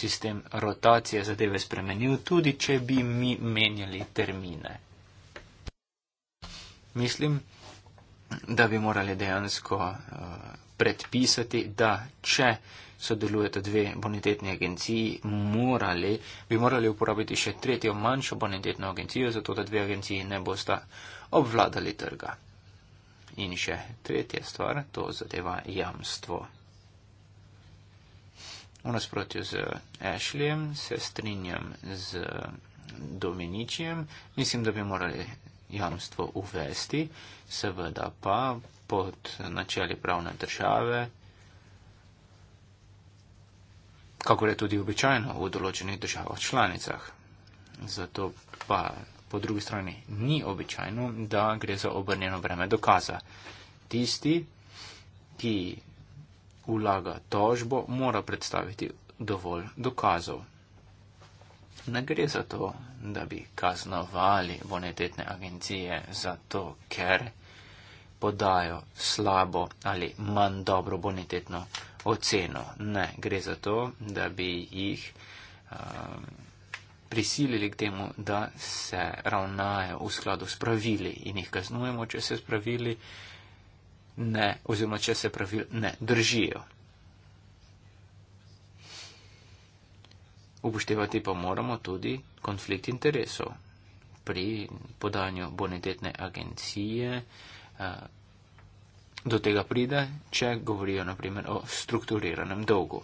sistem rotacije zadeve spremenil, tudi če bi mi menjali termine. Mislim, da bi morali dejansko uh, predpisati, da če uh, sodelujeta dve bonitetni agenciji, morali, bi morali uporabiti še tretjo manjšo bonitetno agencijo, zato da dve agenciji ne bosta obvladali trga. In še tretja stvar, to zadeva jamstvo. V nasprotju z Ashleyjem se strinjam z Dominičijem, mislim, da bi morali jamstvo uvesti, seveda pa pod načeli pravne države kakor je tudi običajno v določenih državah članicah. Zato pa po drugi strani ni običajno, da gre za obrnjeno breme dokaza. Tisti, ki vlaga tožbo, mora predstaviti dovolj dokazov. Ne gre za to, da bi kaznovali bonitetne agencije zato, ker podajo slabo ali manj dobro bonitetno agencijo oceno. Ne, gre za to, da bi jih um, prisilili k temu, da se ravnajo v skladu s pravili in jih kaznujemo, če se pravili ne, oziroma če se pravil ne držijo. Upoštevati pa moramo tudi konflikt interesov pri podanju bonitetne agencije. Uh, Do tega pride, če govorijo naprimer o strukturiranem dolgu.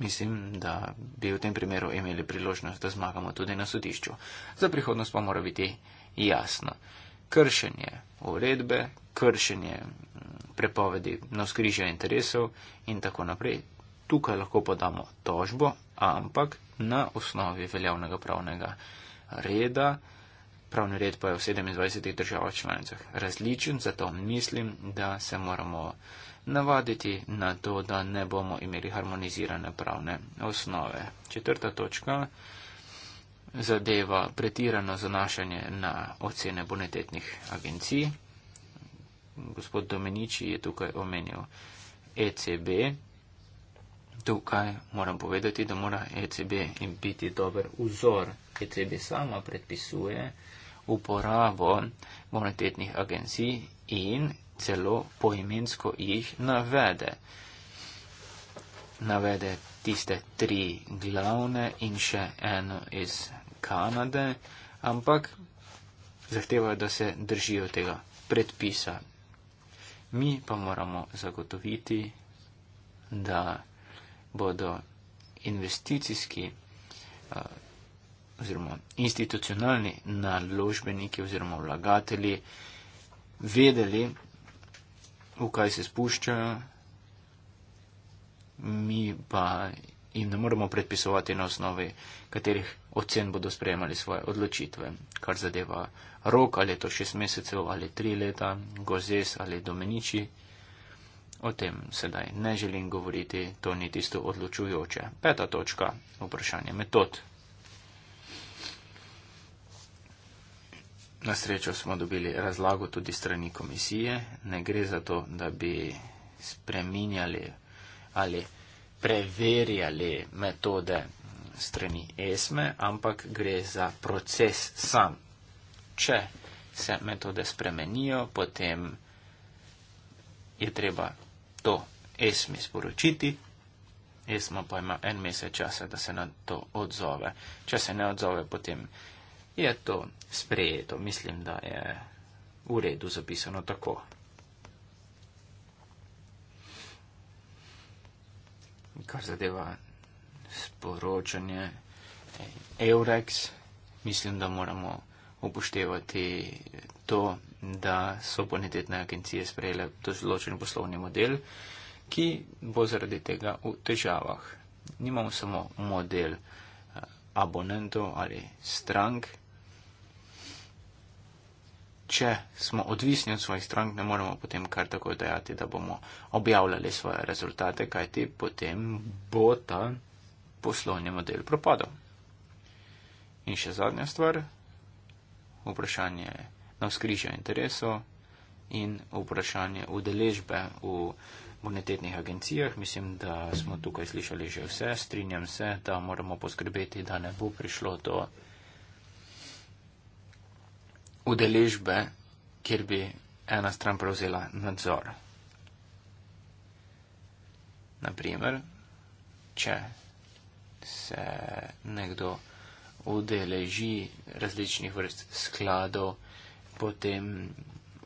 Mislim, da bi v tem primeru imeli priložnost, da zmagamo tudi na sodišču. Za prihodnost pa mora biti jasno. Kršenje uredbe, kršenje mm, prepovedi na skrižje interesov in tako naprej. Tukaj lahko podamo tožbo, ampak na osnovi veljavnega pravnega reda pravni red pa je v 27 državah članicah različen, zato mislim, da se moramo navaditi na to, da ne bomo imeli harmonizirane pravne osnove. Četrta točka zadeva pretirano zanašanje na ocene bonitetnih agencij. Gospod Domeniči je tukaj omenil ECB. Tukaj moram povedati, da mora ECB biti dober vzor. ECB sama predpisuje, uporabo monetetnih agencij in celo poimensko jih navede. Navede tiste tri glavne in še eno iz Kanade, ampak zahtevajo, da se držijo tega predpisa. Mi pa moramo zagotoviti, da bodo investicijski eh, oziroma institucionalni naložbeniki oziroma vlagatelji vedeli, v kaj se spuščajo, mi pa jim ne moremo predpisovati na osnovi, katerih ocen bodo sprejemali svoje odločitve, kar zadeva rok ali je to šest mesecev ali tri leta, gozes ali domeniči. O tem sedaj ne želim govoriti, to ni tisto odločujoče. Peta točka, vprašanje metod. Na srečo smo dobili razlago tudi strani komisije. Ne gre za to, da bi spreminjali ali preverjali metode strani ESME, ampak gre za proces sam. Če se metode spremenijo, potem je treba to ESME sporočiti. ESMA pa ima en mesec časa, da se na to odzove. Če se ne odzove, potem je to sprejeto. Mislim, da je v redu zapisano tako. Kar zadeva sporočanje Eurex, mislim, da moramo upoštevati to, da so bonitetne agencije sprejele določen poslovni model, ki bo zaradi tega v težavah. Nimamo samo model eh, abonentov ali strank, če smo odvisni od svojih strank, ne moremo potem kar tako dejati, da bomo objavljali svoje rezultate, kajti potem bo ta poslovni model propadel. In še zadnja stvar, vprašanje na skrižju interesov in vprašanje udeležbe v bonitetnih agencijah. Mislim, da smo tukaj slišali že vse, strinjam se, da moramo poskrbeti, da ne bo prišlo do udeležbe, kjer bi ena stran prevzela nadzor. Naprimer, če se nekdo udeleži različnih vrst skladov, potem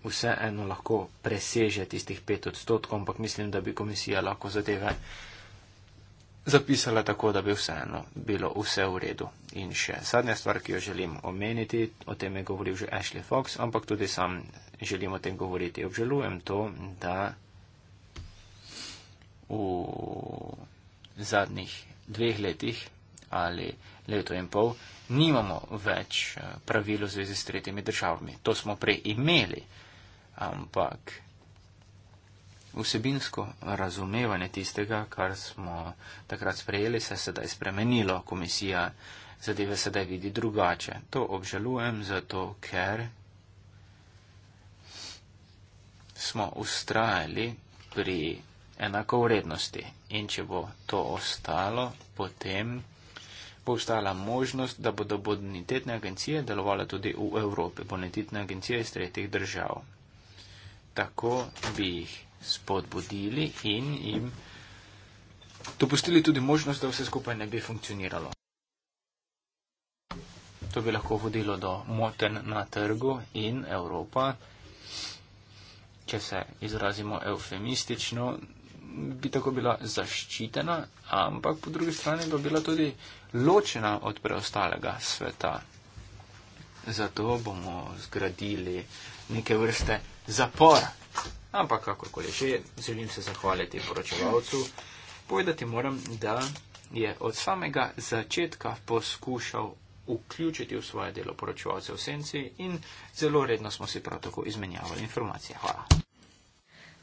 vseeno lahko preseže tistih pet odstotkov, ampak mislim, da bi komisija lahko zadeve zapisala tako, da bi vseeno bilo vse v redu. In še zadnja stvar, ki jo želim omeniti, o tem je govoril že Ashley Fox, ampak tudi sam želim o tem govoriti. Obžalujem to, da v zadnjih dveh letih ali leto in pol nimamo več eh, pravil v zvezi s tretjimi državami. To smo prej imeli, ampak vsebinsko razumevanje tistega, kar smo takrat sprejeli, se je sedaj spremenilo. Komisija zadeve sedaj vidi drugače. To obžalujem, zato ker smo ustrajali pri enako vrednosti. In če bo to ostalo, potem bo ostala možnost, da bodo bonitetne agencije delovale tudi v Evropi, bonitetne agencije iz tretjih držav. Tako bi jih spodbudili in jim dopustili tudi možnost, da vse skupaj ne bi funkcioniralo. To bi lahko vodilo do moten na trgu in Evropa, če se izrazimo eufemistično, bi tako bila zaščitena, ampak po drugi strani bi bila tudi ločena od preostalega sveta. Zato bomo zgradili neke vrste zapor Ampak kakorkoli že, želim se zahvaliti poročevalcu. Povedati moram, da je od samega začetka poskušal vključiti v svoje delo poročevalce v senci in zelo redno smo si prav tako izmenjavali informacije. Hvala.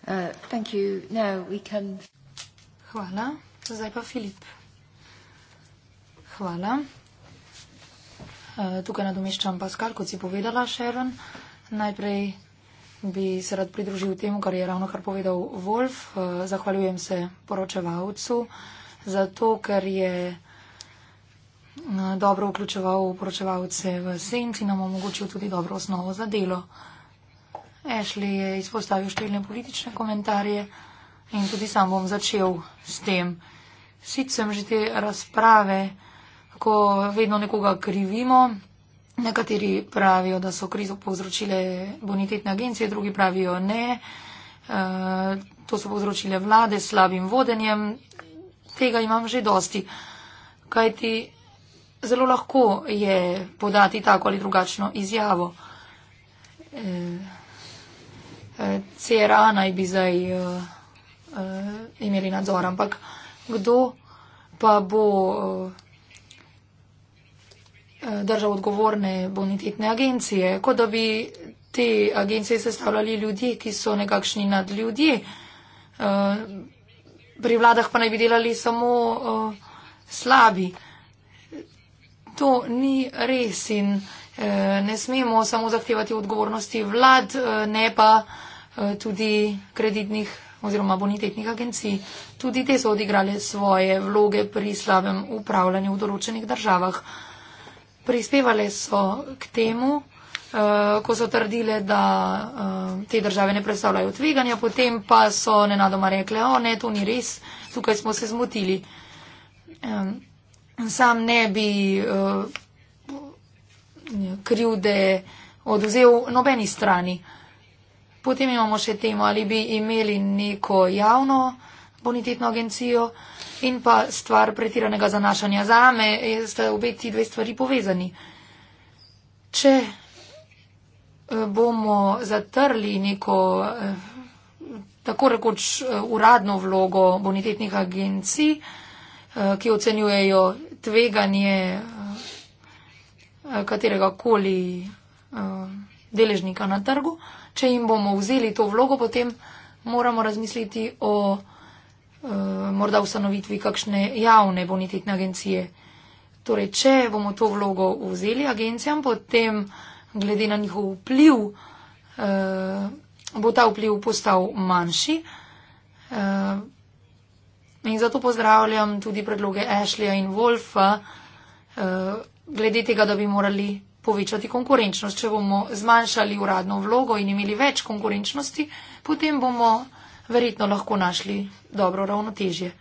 Uh, Hvala. Zdaj pa Filip. Hvala. Uh, tukaj nadomeščam Pascal, kot si povedala, Sharon. Najprej bi se rad pridružil temu, kar je ravno kar povedal Wolf. Eh, zahvaljujem se poročevalcu za to, ker je eh, dobro vključeval poročevalce v senci in nam omogočil tudi dobro osnovo za delo. Ashley je izpostavil številne politične komentarje in tudi sam bom začel s tem. Sicer sem že te razprave, ko vedno nekoga krivimo, Nekateri pravijo, da so krizo povzročile bonitetne agencije, drugi pravijo ne. Eh, to so povzročile vlade s slabim vodenjem. Tega imam že dosti. Kajti zelo lahko je podati tako ali drugačno izjavo. Eh, eh, CRA naj bi zdaj imeli nadzor, ampak kdo pa bo držav odgovorne bonitetne agencije, kot da bi te agencije sestavljali ljudje, ki so nekakšni nadljudje. Eh, pri vladah pa naj bi delali samo eh, slabi. To ni res in eh, ne smemo samo zahtevati odgovornosti vlad, ne pa tudi kreditnih oziroma bonitetnih agencij. Tudi te so odigrale svoje vloge pri slabem upravljanju v določenih državah prispevale so k temu, eh, ko so trdile, da eh, te države ne predstavljajo tveganja, potem pa so nenadoma rekle, o ne, to ni res, tukaj smo se zmotili. Sam ne bi eh, krivde oduzel nobeni strani. Potem imamo še temo, ali bi imeli neko javno bonitetno agencijo, in pa stvar pretiranega zanašanja za me, sta obe ti dve stvari povezani. Če eh, bomo zatrli neko eh, tako rekoč eh, uradno vlogo bonitetnih agencij, ki ocenjujejo tveganje katerega koli deležnika na trgu, če jim bomo vzeli to vlogo, potem moramo razmisliti o Eh, morda ustanovitvi kakšne javne bonitetne agencije. Torej, če bomo to vlogo vzeli agencijam, potem glede na njihov vpliv, eh, bo ta vpliv postal manjši. Eh, in zato pozdravljam tudi predloge Ashleya in Wolfa glede tega, da bi morali povečati konkurenčnost. Če bomo zmanjšali uradno vlogo in imeli več konkurenčnosti, potem bomo verjetno lahko našli dobro ravnotežje.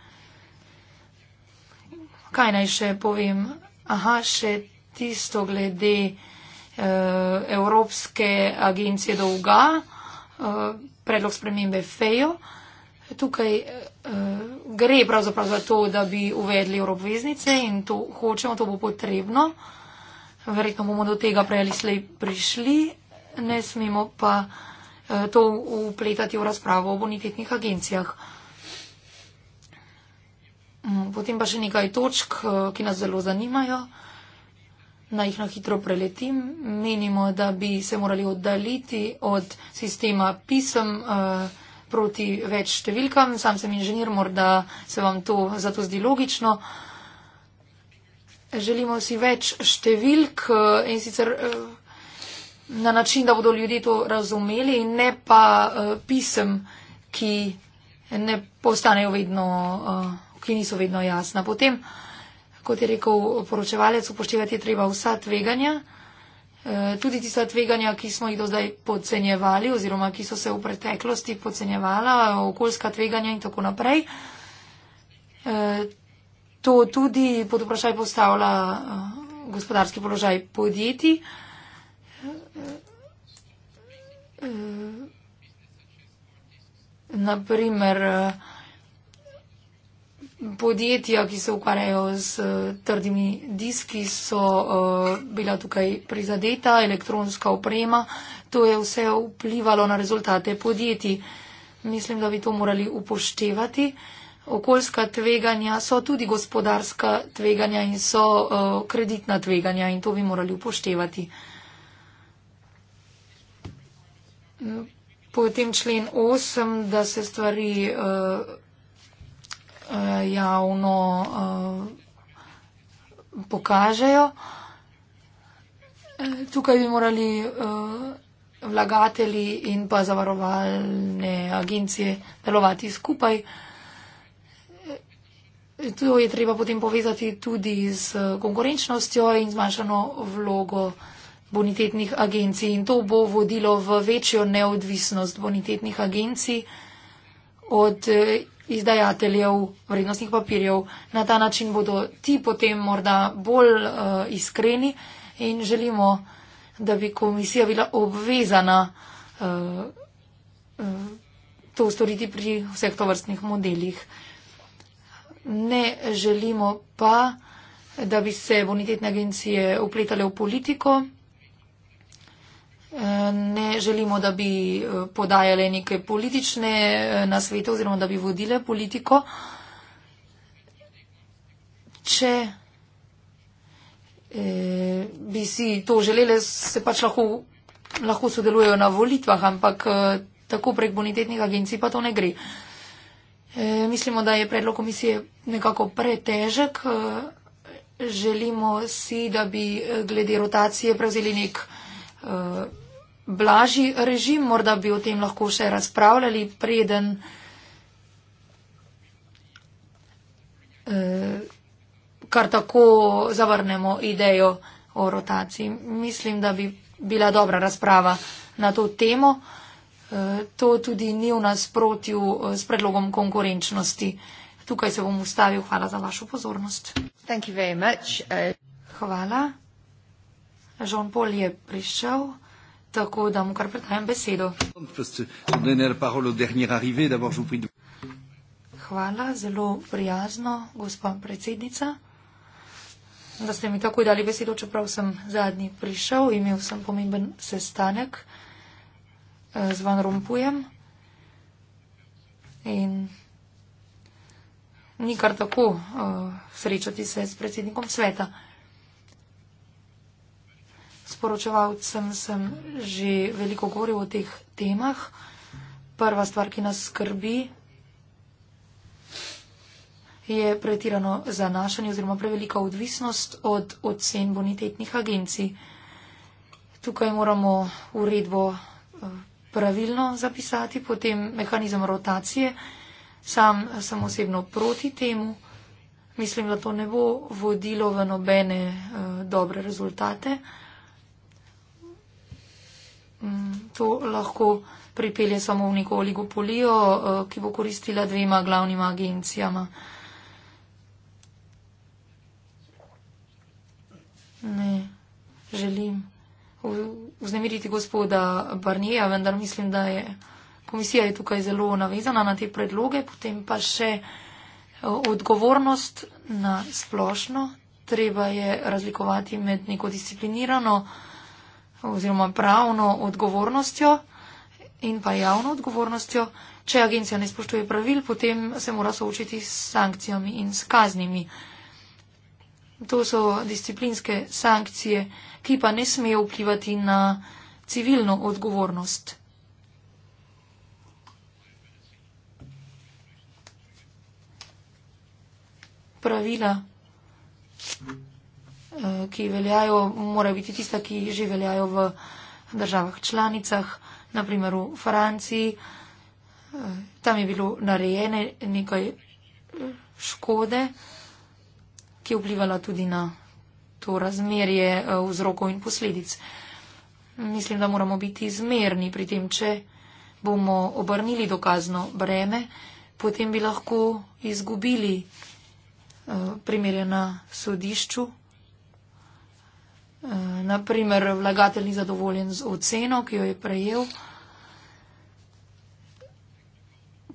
Kaj naj še povem? Aha, še tisto glede e, Evropske agencije dolga, e, predlog spremembe FEJO. Tukaj e, gre pravzaprav za to, da bi uvedli evropveznice in to hočemo, to bo potrebno. Verjetno bomo do tega prej ali slej prišli, ne smemo pa. Eh, to upletati v razpravo o bonitetnih agencijah. Mm, potem pa še nekaj točk, eh, ki nas zelo zanimajo. Naj jih na hitro preletim. Menimo, da bi se morali oddaliti od sistema pisem eh, proti več številkam. Sam sem inženir, morda se vam to zato zdi logično. Želimo si več številk in sicer na način, da bodo ljudje to razumeli in ne pa uh, pisem, ki ne postanejo vedno, uh, ki niso vedno jasna. Potem, kot je rekel poročevalec, upoštevati je treba vsa tveganja, uh, tudi tista tveganja, ki smo jih do zdaj podcenjevali oziroma ki so se v preteklosti podcenjevala, okoljska tveganja in tako naprej. To tudi pod vprašaj postavlja gospodarski položaj podjetij, Eh, naprimer eh, podjetja, ki se ukvarjajo s eh, trdimi diski, so bila tukaj prizadeta, elektronska oprema, to je vse vplivalo na rezultate podjetij. Mislim, da bi to morali upoštevati. Okoljska tveganja so tudi gospodarska tveganja in so uh, kreditna tveganja in to bi morali upoštevati. Potem člen 8, da se stvari uh, uh, javno uh, pokažejo. Tukaj bi morali uh, vlagatelji in pa zavarovalne agencije delovati skupaj. To je treba potem povezati tudi z konkurenčnostjo in zmanjšano vlogo uh, bonitetnih agencij in to bo vodilo v večjo neodvisnost bonitetnih agencij od eh, izdajateljev vrednostnih papirjev. Na ta način bodo ti potem morda bolj uh, iskreni in želimo, da bi komisija bila obvezana uh, to storiti pri vseh tovrstnih modelih. Ne želimo pa, da bi se bonitetne agencije upletale v politiko ne želimo, da bi eh, podajale neke politične eh, nasvete oziroma da bi vodile politiko. Če eh, bi si to želele, se pač lahko, lahko sodelujejo na volitvah, ampak tako prek bonitetnih agencij pa to ne gre. Mislimo, da je predlog komisije nekako pretežek. Želimo si, da bi glede rotacije prevzeli nek blažji režim, morda bi o tem lahko še razpravljali, preden eh, kar tako zavrnemo idejo o rotaciji. Mislim, da bi bila dobra razprava na to temo. Eh, to tudi ni v nasprotju eh, s predlogom konkurenčnosti. Tukaj se bom ustavil. Hvala za vašo pozornost. Eh, Hvala. Jean-Paul je prišel. Tako da mu kar predajem besedo. Hvala, zelo prijazno, gospa predsednica, da ste mi tako dali besedo, čeprav sem zadnji prišel, imel sem pomemben sestanek eh, z Van Rompujem. In ni kar tako uh, srečati se s predsednikom sveta sporočevalcem sem že veliko govoril o teh temah. Prva stvar, ki nas skrbi, je pretirano zanašanje oziroma prevelika odvisnost od ocen bonitetnih agencij. Tukaj moramo uredbo eh, pravilno zapisati, potem mehanizem rotacije. Sam sem osebno proti temu. Mislim, da to ne bo vodilo v nobene uh, dobre rezultate. Uh, To lahko pripelje samo v neko oligopolijo, eh, ki bo koristila dvema glavnima agencijama. Ne, želim vznemiriti gospoda Barnija, vendar mislim, da je komisija je tukaj zelo navezana na te predloge, potem pa še eh, odgovornost na splošno. Treba je razlikovati med neko disciplinirano oziroma pravno odgovornostjo in pa javno odgovornostjo. Če agencija ne spoštuje pravil, potem se mora soočiti s sankcijami in s kaznimi. To so disciplinske sankcije, ki pa ne smejo vplivati na civilno odgovornost. Pravila ki veljajo, morajo biti tista, ki že veljajo v državah članicah, naprimer v Franciji. Tam je bilo narejene nekaj eh, škode, ki je vplivala tudi na to razmerje eh, vzrokov in posledic. Mislim, da moramo biti zmerni pri tem, če bomo obrnili dokazno breme, potem bi lahko izgubili eh, primerjena sodišču. Eh, naprimer vlagatelj ni zadovoljen z oceno, ki jo je prejel,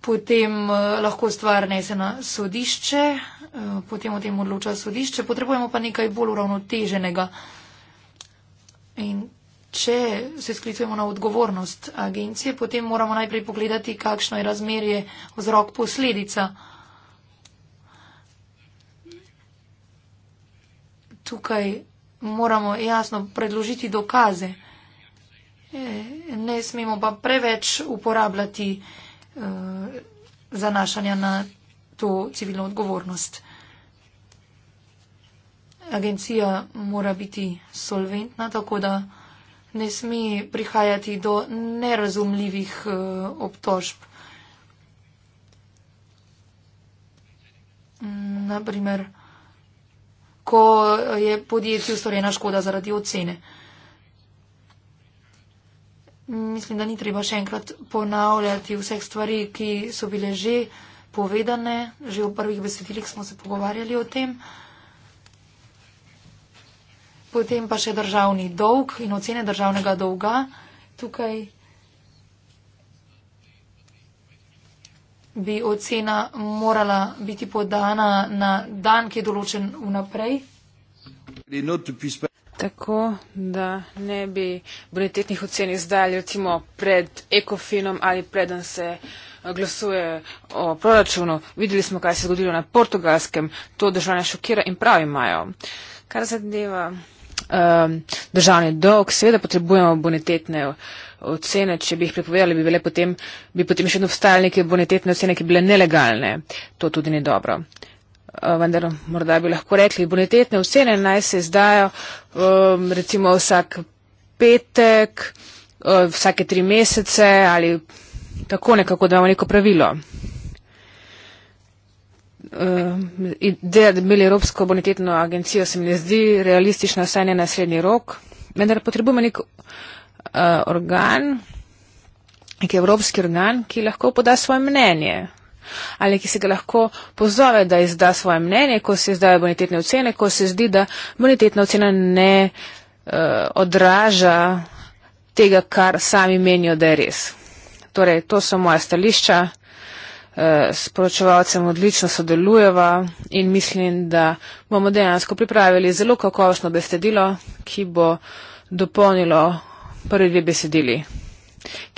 potem eh, lahko stvar nese na sodišče, eh, potem o tem odloča sodišče, potrebujemo pa nekaj bolj uravnoteženega. In če se sklicujemo na odgovornost agencije, potem moramo najprej pogledati, kakšno je razmerje vzrok posledica. Tukaj moramo jasno predložiti dokaze. E, ne smemo pa preveč uporabljati e, zanašanja na to civilno odgovornost. Agencija mora biti solventna, tako da ne sme prihajati do nerazumljivih e, obtožb. Naprimer, ko je podjetju storjena škoda zaradi ocene. Mislim, da ni treba še enkrat ponavljati vseh stvari, ki so bile že povedane. Že v prvih besedilih smo se pogovarjali o tem. Potem pa še državni dolg in ocene državnega dolga. Tukaj bi ocena morala biti podana na dan, ki je določen vnaprej. Tako, da ne bi bonitetnih ocen izdali, recimo, pred ekofinom ali preden se eh, glasuje o proračunu. Videli smo, kaj se je zgodilo na portugalskem, to državne šokira in pravi imajo. Kar zadeva um, državni dolg, seveda potrebujemo bonitetne ocene, če bi jih prepovedali, bi, potem, bi potem še vedno obstajali neke bonitetne ocene, ki bi bile nelegalne. To tudi ni dobro. Uh, vendar morda bi lahko rekli, bonitetne ocene naj se izdajo um, recimo vsak petek, um, vsake tri mesece ali tako nekako, da imamo neko pravilo. Eh, ideja, da bi imeli Evropsko bonitetno agencijo, se mi zdi realistična, vsaj ne na srednji rok. Vendar potrebujemo nek uh, organ, nek evropski organ, ki lahko poda svoje mnenje ali ki se ga lahko pozove, da izda svoje mnenje, ko se izdajo bonitetne ocene, ko se zdi, da bonitetna ocena ne uh, odraža tega, kar sami menijo, da je res. Torej, to so moja stališča. Eh, s poročevalcem odlično sodelujeva in mislim, da bomo dejansko pripravili zelo kakovostno besedilo, ki bo dopolnilo prvi dve besedili,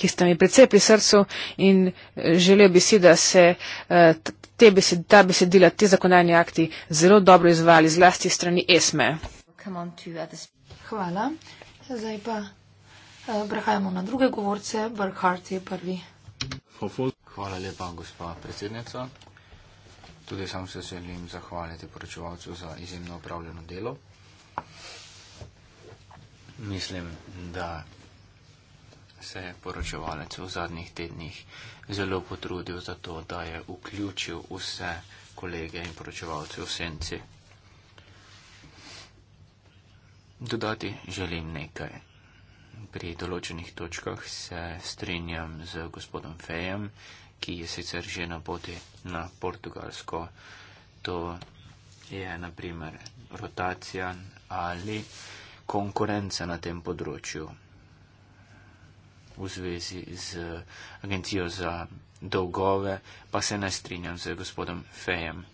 ki sta mi precej pri srcu in eh, želel bi si, da se eh, te besed, ta besedila, te zakonanje akti zelo dobro izvali zlasti strani ESME. Hvala. Zdaj pa prehajamo na druge govorce. Burkhardt je prvi. Hvala lepa, gospa predsednica. Tudi sam se želim zahvaliti poročevalcu za izjemno upravljeno delo. Mislim, da se je poročevalec v zadnjih tednih zelo potrudil za to, da je vključil vse kolege in poročevalce v senci. Dodati želim nekaj pri določenih točkah se strinjam z gospodom Fejem, ki je sicer že na poti na portugalsko. To je naprimer rotacija ali konkurenca na tem področju v zvezi z agencijo za dolgove, pa se ne strinjam z gospodom Fejem.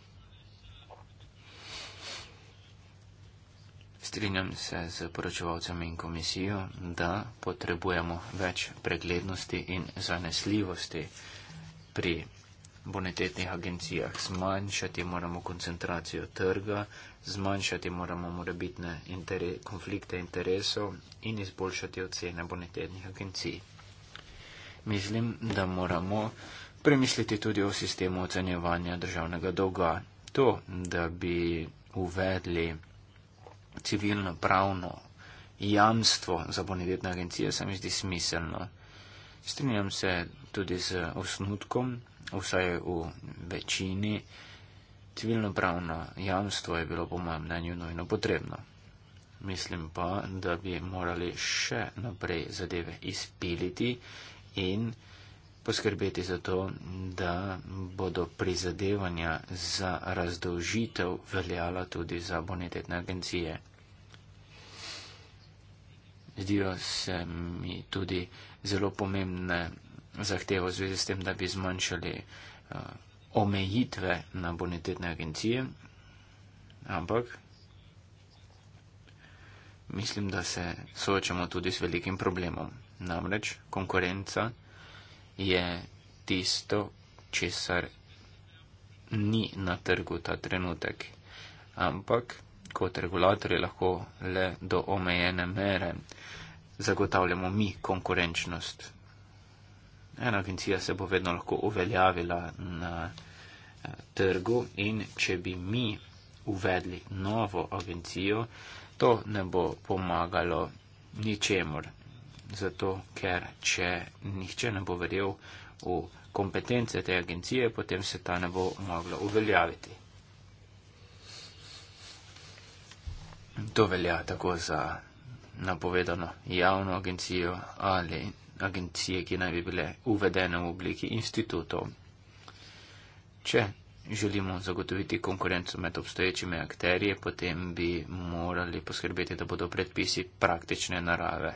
Strinjam se z poročevalcem in komisijo, da potrebujemo več preglednosti in zanesljivosti pri bonitetnih agencijah. Zmanjšati moramo koncentracijo trga, zmanjšati moramo morebitne interi, konflikte interesov in izboljšati ocene bonitetnih agencij. Mislim, da moramo premisliti tudi o sistemu ocenjevanja državnega dolga. To, da bi uvedli civilno pravno jamstvo za bonitetne agencije se mi zdi smiselno. Strinjam se tudi z osnutkom, vsaj v večini. Civilno pravno jamstvo je bilo po mojem mnenju nujno potrebno. Mislim pa, da bi morali še naprej zadeve izpiliti in poskrbeti za to, da bodo prizadevanja za razdolžitev veljala tudi za bonitetne agencije zdijo se mi tudi zelo pomembne zahteve v zvezi s tem, da bi zmanjšali uh, omejitve na bonitetne agencije. Ampak mislim, da se soočamo tudi s velikim problemom. Namreč konkurenca je tisto, česar ni na trgu ta trenutek. Ampak kot regulatorji lahko le do omejene mere zagotavljamo mi konkurenčnost. Ena agencija se bo vedno lahko uveljavila na eh, trgu in če bi mi uvedli novo agencijo, to ne bo pomagalo ničemor. Zato, ker če nihče ne bo verjel v kompetence te agencije, potem se ta ne bo mogla uveljaviti. To velja tako za napovedano javno agencijo ali agencije, ki naj bi bile uvedene v obliki institutov. Če želimo zagotoviti konkurenco med obstoječimi akterije, potem bi morali poskrbeti, da bodo predpisi praktične narave.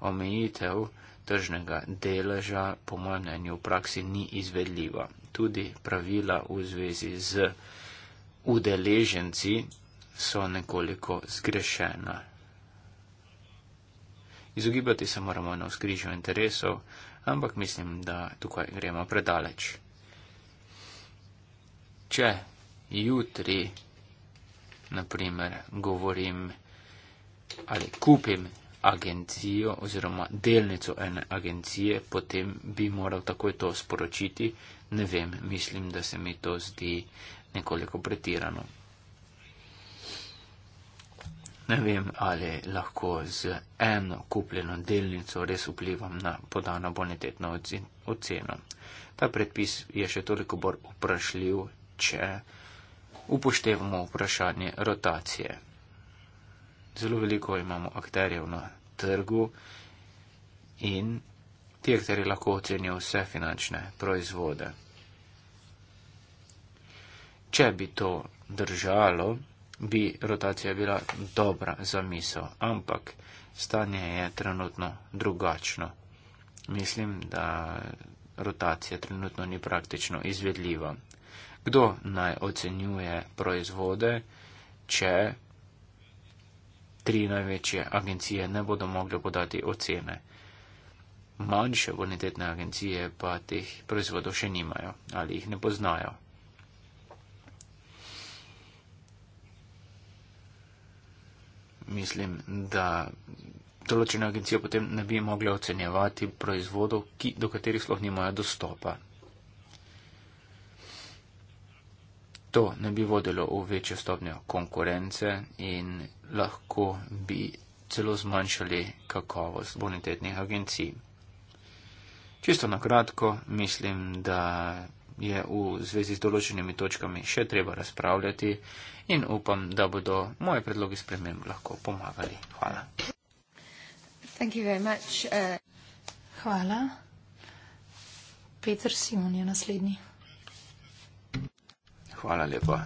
Omejitev tržnega deleža, po mojem mnenju, v praksi ni izvedljiva. Tudi pravila v zvezi z udeleženci so nekoliko zgrešena. Izogibati se moramo na vzkrižju interesov, ampak mislim, da tukaj gremo predaleč. Če jutri, naprimer, govorim ali kupim agencijo oziroma delnico ene agencije, potem bi moral takoj to sporočiti. Ne vem, mislim, da se mi to zdi nekoliko pretirano ne vem, ali lahko z eno kupljeno delnico res vplivam na podano bonitetno oceno. Ta predpis je še toliko bolj vprašljiv, če upoštevamo vprašanje rotacije. Zelo veliko imamo akterjev na trgu in ti akterji lahko ocenijo vse finančne proizvode. Če bi to držalo, bi rotacija bila dobra za misel, ampak stanje je trenutno drugačno. Mislim, da rotacija trenutno ni praktično izvedljiva. Kdo naj ocenjuje proizvode, če tri največje agencije ne bodo mogle podati ocene? Manjše bonitetne agencije pa teh proizvodov še nimajo ali jih ne poznajo. mislim, da določene agencije potem ne bi mogle ocenjevati proizvodov, ki, do katerih sploh nimajo dostopa. To ne bi vodilo v večjo stopnjo konkurence in lahko bi celo zmanjšali kakovost bonitetnih agencij. Čisto na kratko mislim, da je v zvezi z določenimi točkami še treba razpravljati in upam, da bodo moje predlogi sprememb lahko pomagali. Hvala. Much, uh... Hvala. Peter Simon je naslednji. Hvala lepa.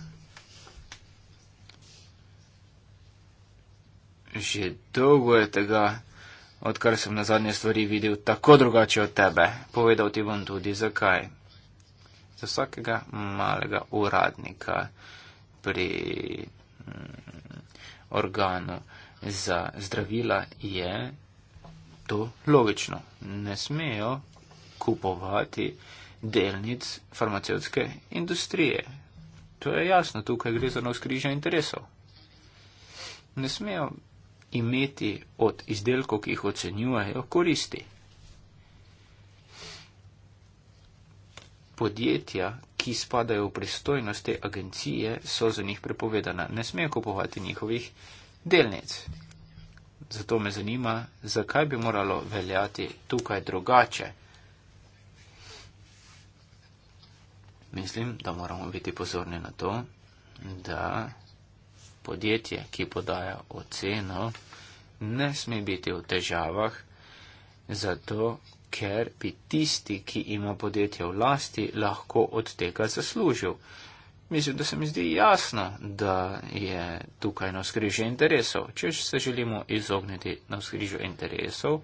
Že dolgo je tega, odkar sem na zadnje stvari videl tako drugače od tebe. Povedal ti bom tudi zakaj. Za vsakega malega uradnika pri um, organu za zdravila, je to logično. Ne smejo kupovati delnic farmacevtske industrije. To je jasno, tukaj gre za navskrižje interesov. Ne smejo imeti od izdelkov, ki jih ocenjujejo, koristi. Podjetja, ki spadajo v pristojnosti agencije, so za njih prepovedana. Ne smejo kupovati njihovih delnic. Zato me zanima, zakaj bi moralo veljati tukaj drugače. Mislim, da moramo biti pozorni na to, da podjetje, ki podaja oceno, ne sme biti v težavah, zato ker bi tisti, ki ima podjetje v lasti, lahko od tega zaslužil. Mislim, da se mi zdi jasno, da je tukaj na skrižju interesov. Če se želimo izogniti na skrižju interesov,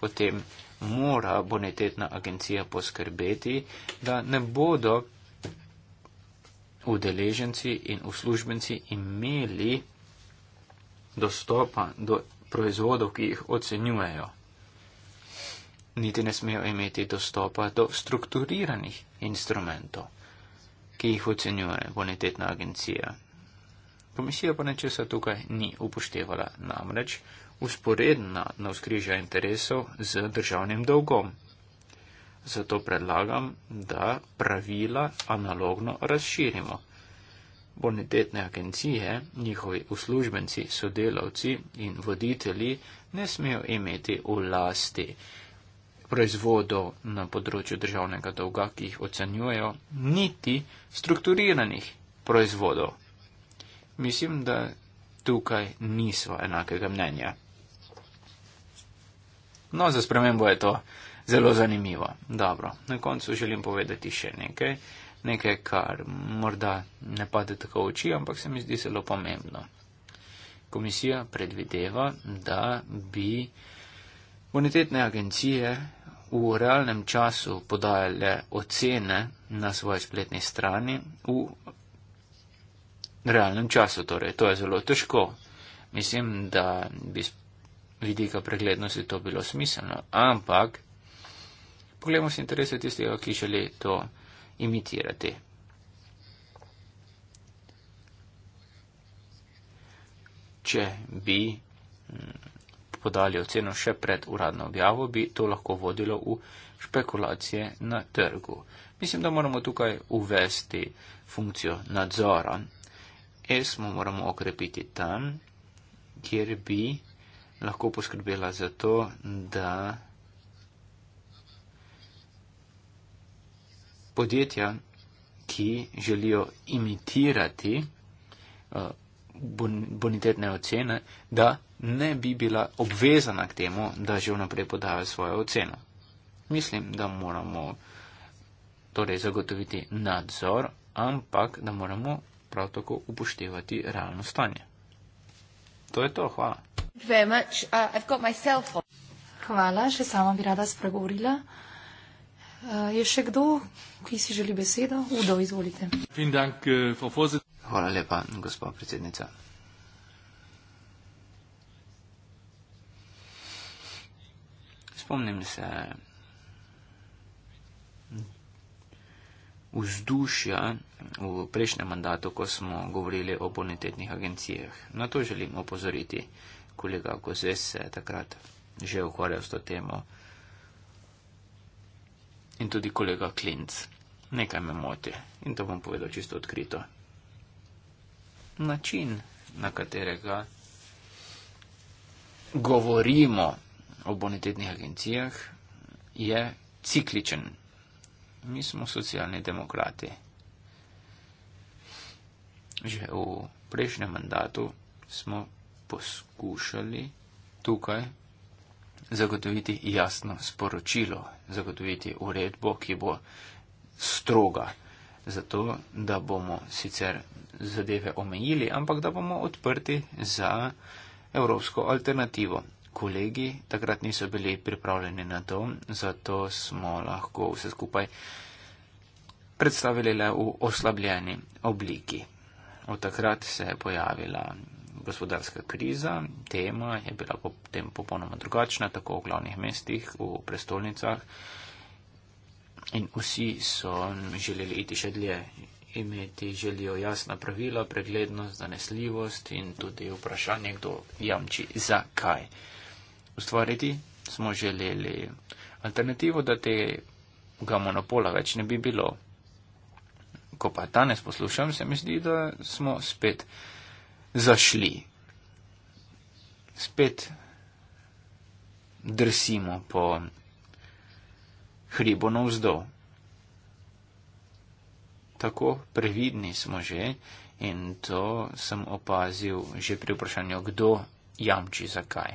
potem mora bonitetna agencija poskrbeti, da ne bodo udeleženci in uslužbenci imeli dostopa do proizvodov, ki jih ocenjujejo niti ne smejo imeti dostopa do strukturiranih instrumentov, ki jih ocenjuje bonitetna agencija. Komisija pa nečesa tukaj ni upoštevala, namreč usporedna na vzkrižja interesov z državnim dolgom. Zato predlagam, da pravila analogno razširimo. Bonitetne agencije, njihovi uslužbenci, sodelavci in voditelji ne smejo imeti v lasti proizvodov na področju državnega dolga, ki jih ocenjujejo, niti strukturiranih proizvodov. Mislim, da tukaj niso enakega mnenja. No, za spremembo je to zelo zanimivo. Dobro, na koncu želim povedati še nekaj, nekaj, kar morda ne pade tako v oči, ampak se mi zdi zelo pomembno. Komisija predvideva, da bi Bonitetne agencije v realnem času podajale ocene na svoji spletni strani v realnem času, torej to je zelo težko. Mislim, da bi z vidika preglednosti to bilo smiselno, ampak poglejmo si interese tistega, ki želi to imitirati. Če bi podali oceno še pred uradno objavo, bi to lahko vodilo v špekulacije na trgu. Mislim, da moramo tukaj uvesti funkcijo nadzora. ESMO moramo okrepiti tam, kjer bi lahko poskrbela za to, da podjetja, ki želijo imitirati uh, bonitetne ocene, da ne bi bila obvezana k temu, da že vnaprej podajo svojo oceno. Mislim, da moramo torej zagotoviti nadzor, ampak da moramo prav tako upoštevati realno stanje. To je to, hvala. Uh, hvala, še sama bi rada spregovorila. Uh, je še kdo, ki si želi besedo? Udo, izvolite. Vielen Dank, äh, Frau Vorsitzende. Hvala lepa, gospod predsednica. Spomnim se vzdušja v prejšnjem mandatu, ko smo govorili o bonitetnih agencijah. Na to želim opozoriti. Kolega Kozes se je takrat že ukvarjal s to temo in tudi kolega Klinc. Nekaj me moti in to bom povedal čisto odkrito način, na katerega govorimo o bonitetnih agencijah, je cikličen. Mi smo socialni demokrati. Že v prejšnjem mandatu smo poskušali tukaj zagotoviti jasno sporočilo, zagotoviti uredbo, ki bo stroga zato da bomo sicer zadeve omejili, ampak da bomo odprti za evropsko alternativo. Kolegi takrat niso bili pripravljeni na to, zato smo lahko vse skupaj predstavili le v oslabljeni obliki. Od takrat se je pojavila gospodarska kriza, tema je bila potem popolnoma drugačna, tako v glavnih mestih, v prestolnicah in vsi so želeli iti še dlje. Imeti želijo jasna pravila, preglednost, zanesljivost in tudi vprašanje, kdo jamči za kaj. Ustvariti smo želeli alternativo, da tega monopola več ne bi bilo. Ko pa danes poslušam, se mi zdi, da smo spet zašli. Spet drsimo po hribo navzdol. Tako previdni smo že in to sem opazil že pri vprašanju, kdo jamči zakaj.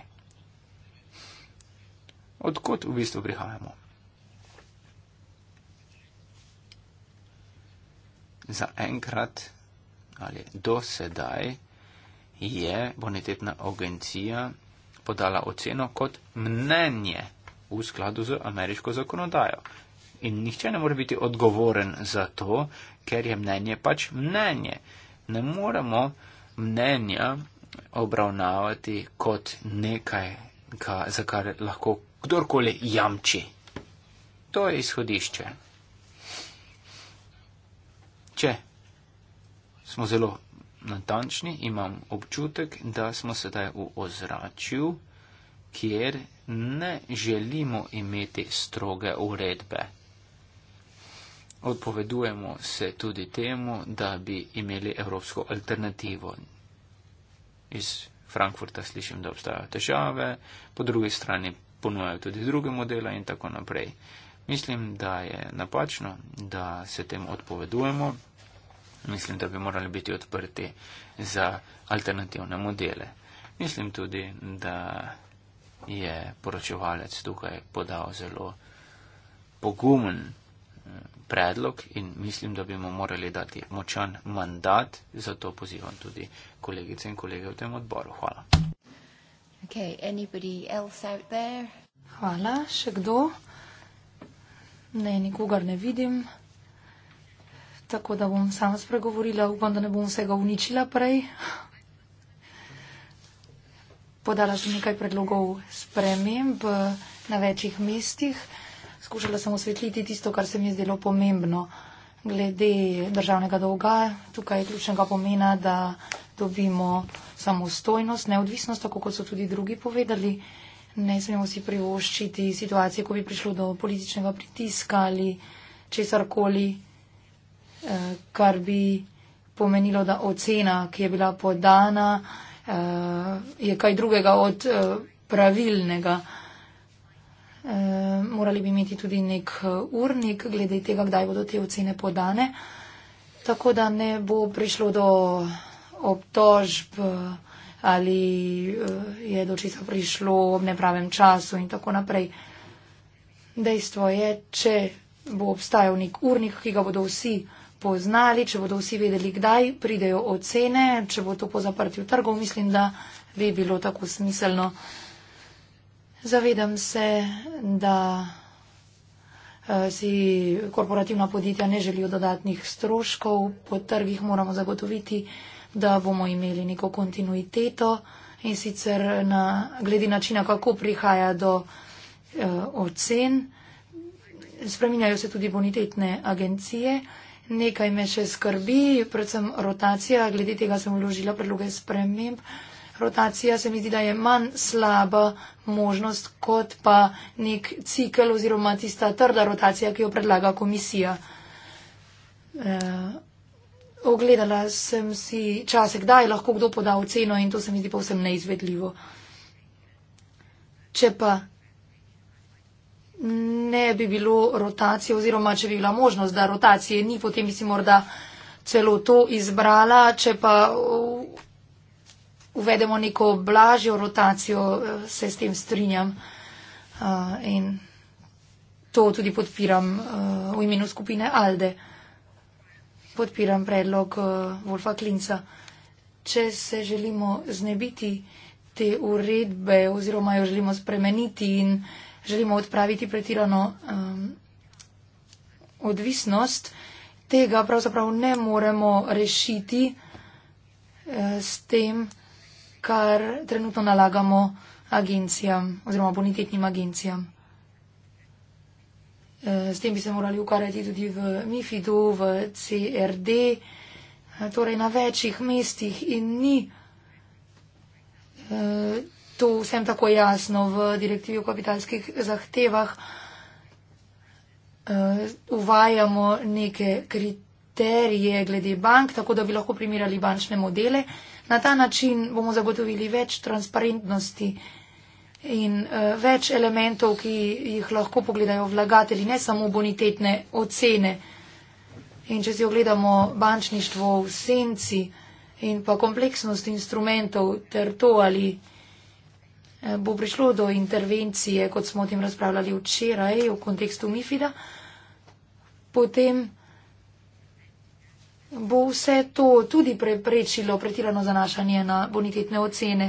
Odkot v bistvu prihajamo? Za enkrat ali do sedaj je bonitetna agencija podala oceno kot mnenje v skladu z ameriško zakonodajo. In nihče ne more biti odgovoren za to, ker je mnenje pač mnenje. Ne moremo mnenja obravnavati kot nekaj, ka, za kar lahko kdorkoli jamči. To je izhodišče. Če smo zelo natančni, imam občutek, da smo sedaj v ozračju kjer ne želimo imeti stroge uredbe. Odpovedujemo se tudi temu, da bi imeli evropsko alternativo. Iz Frankfurta slišim, da obstajajo težave, po drugi strani ponujajo tudi druge modele in tako naprej. Mislim, da je napačno, da se tem odpovedujemo. Mislim, da bi morali biti odprti za alternativne modele. Mislim tudi, da je poročevalec tukaj podal zelo pogumen eh, predlog in mislim, da bi mu morali dati močan mandat. Zato pozivam tudi kolegice in kolege v tem odboru. Hvala. Okay, Hvala. Še kdo? Ne, nikogar ne vidim. Tako da bom sama spregovorila, upam, da ne bom vsega uničila prej podala sem nekaj predlogov sprememb na večjih mestih. Skušala sem osvetliti tisto, kar se mi je zdelo pomembno glede državnega dolga. Tukaj je ključnega pomena, da dobimo samostojnost, neodvisnost, tako kot so tudi drugi povedali. Ne smemo si privoščiti situacije, ko bi prišlo do političnega pritiska ali česarkoli, eh, kar bi pomenilo, da ocena, ki je bila podana, Eh, je kaj drugega od eh, pravilnega. Eh, morali bi imeti tudi nek urnik glede tega, kdaj bodo te ocene podane, tako da ne bo prišlo do obtožb ali je do česa prišlo ob nepravem času in tako naprej. Dejstvo je, če bo obstajal nek urnik, ki ga bodo vsi poznali, če bodo vsi vedeli, kdaj pridejo ocene, če bo to po zaprtju trgov, mislim, da bi bilo tako smiselno. Zavedam se, da eh, si korporativna podjetja ne želijo dodatnih stroškov, po trgih moramo zagotoviti, da bomo imeli neko kontinuiteto in sicer na, glede načina, kako prihaja do uh, ocen. Spreminjajo se tudi bonitetne agencije Nekaj me še skrbi, predvsem rotacija, glede tega sem vložila predloge sprememb. Rotacija se mi zdi, da je manj slaba možnost kot pa nek cikl oziroma tista trda rotacija, ki jo predlaga komisija. E, ogledala sem si čase, kdaj lahko kdo poda oceno in to se mi zdi povsem neizvedljivo. Če pa ne bi bilo rotacije oziroma če bi bila možnost, da rotacije ni, potem bi si morda celo to izbrala. Če pa uh, uvedemo neko blažjo rotacijo, uh, se s tem strinjam uh, in to tudi podpiram v imenu skupine Alde. Podpiram predlog Wolfa Klinca. Če se želimo znebiti te uredbe oziroma jo želimo spremeniti in želimo odpraviti pretirano um, odvisnost, tega pravzaprav ne moremo rešiti e, s tem, kar trenutno nalagamo agencijam oziroma bonitetnim agencijam. E, s tem bi se morali ukvarjati tudi v MIFID-u, v CRD, e, torej na večjih mestih in ni to vsem tako jasno v direktivi o kapitalskih zahtevah. Eh, uvajamo neke kriterije glede bank, tako da bi lahko primirali bančne modele. Na ta način bomo zagotovili več transparentnosti in eh, več elementov, ki jih lahko pogledajo vlagatelji, ne samo bonitetne ocene. In če si ogledamo bančništvo v senci in pa kompleksnost instrumentov ter to, ali Eh, bo prišlo do intervencije, kot smo o tem razpravljali včeraj v kontekstu MIFID-a, potem bo vse to tudi preprečilo pretirano zanašanje na bonitetne ocene.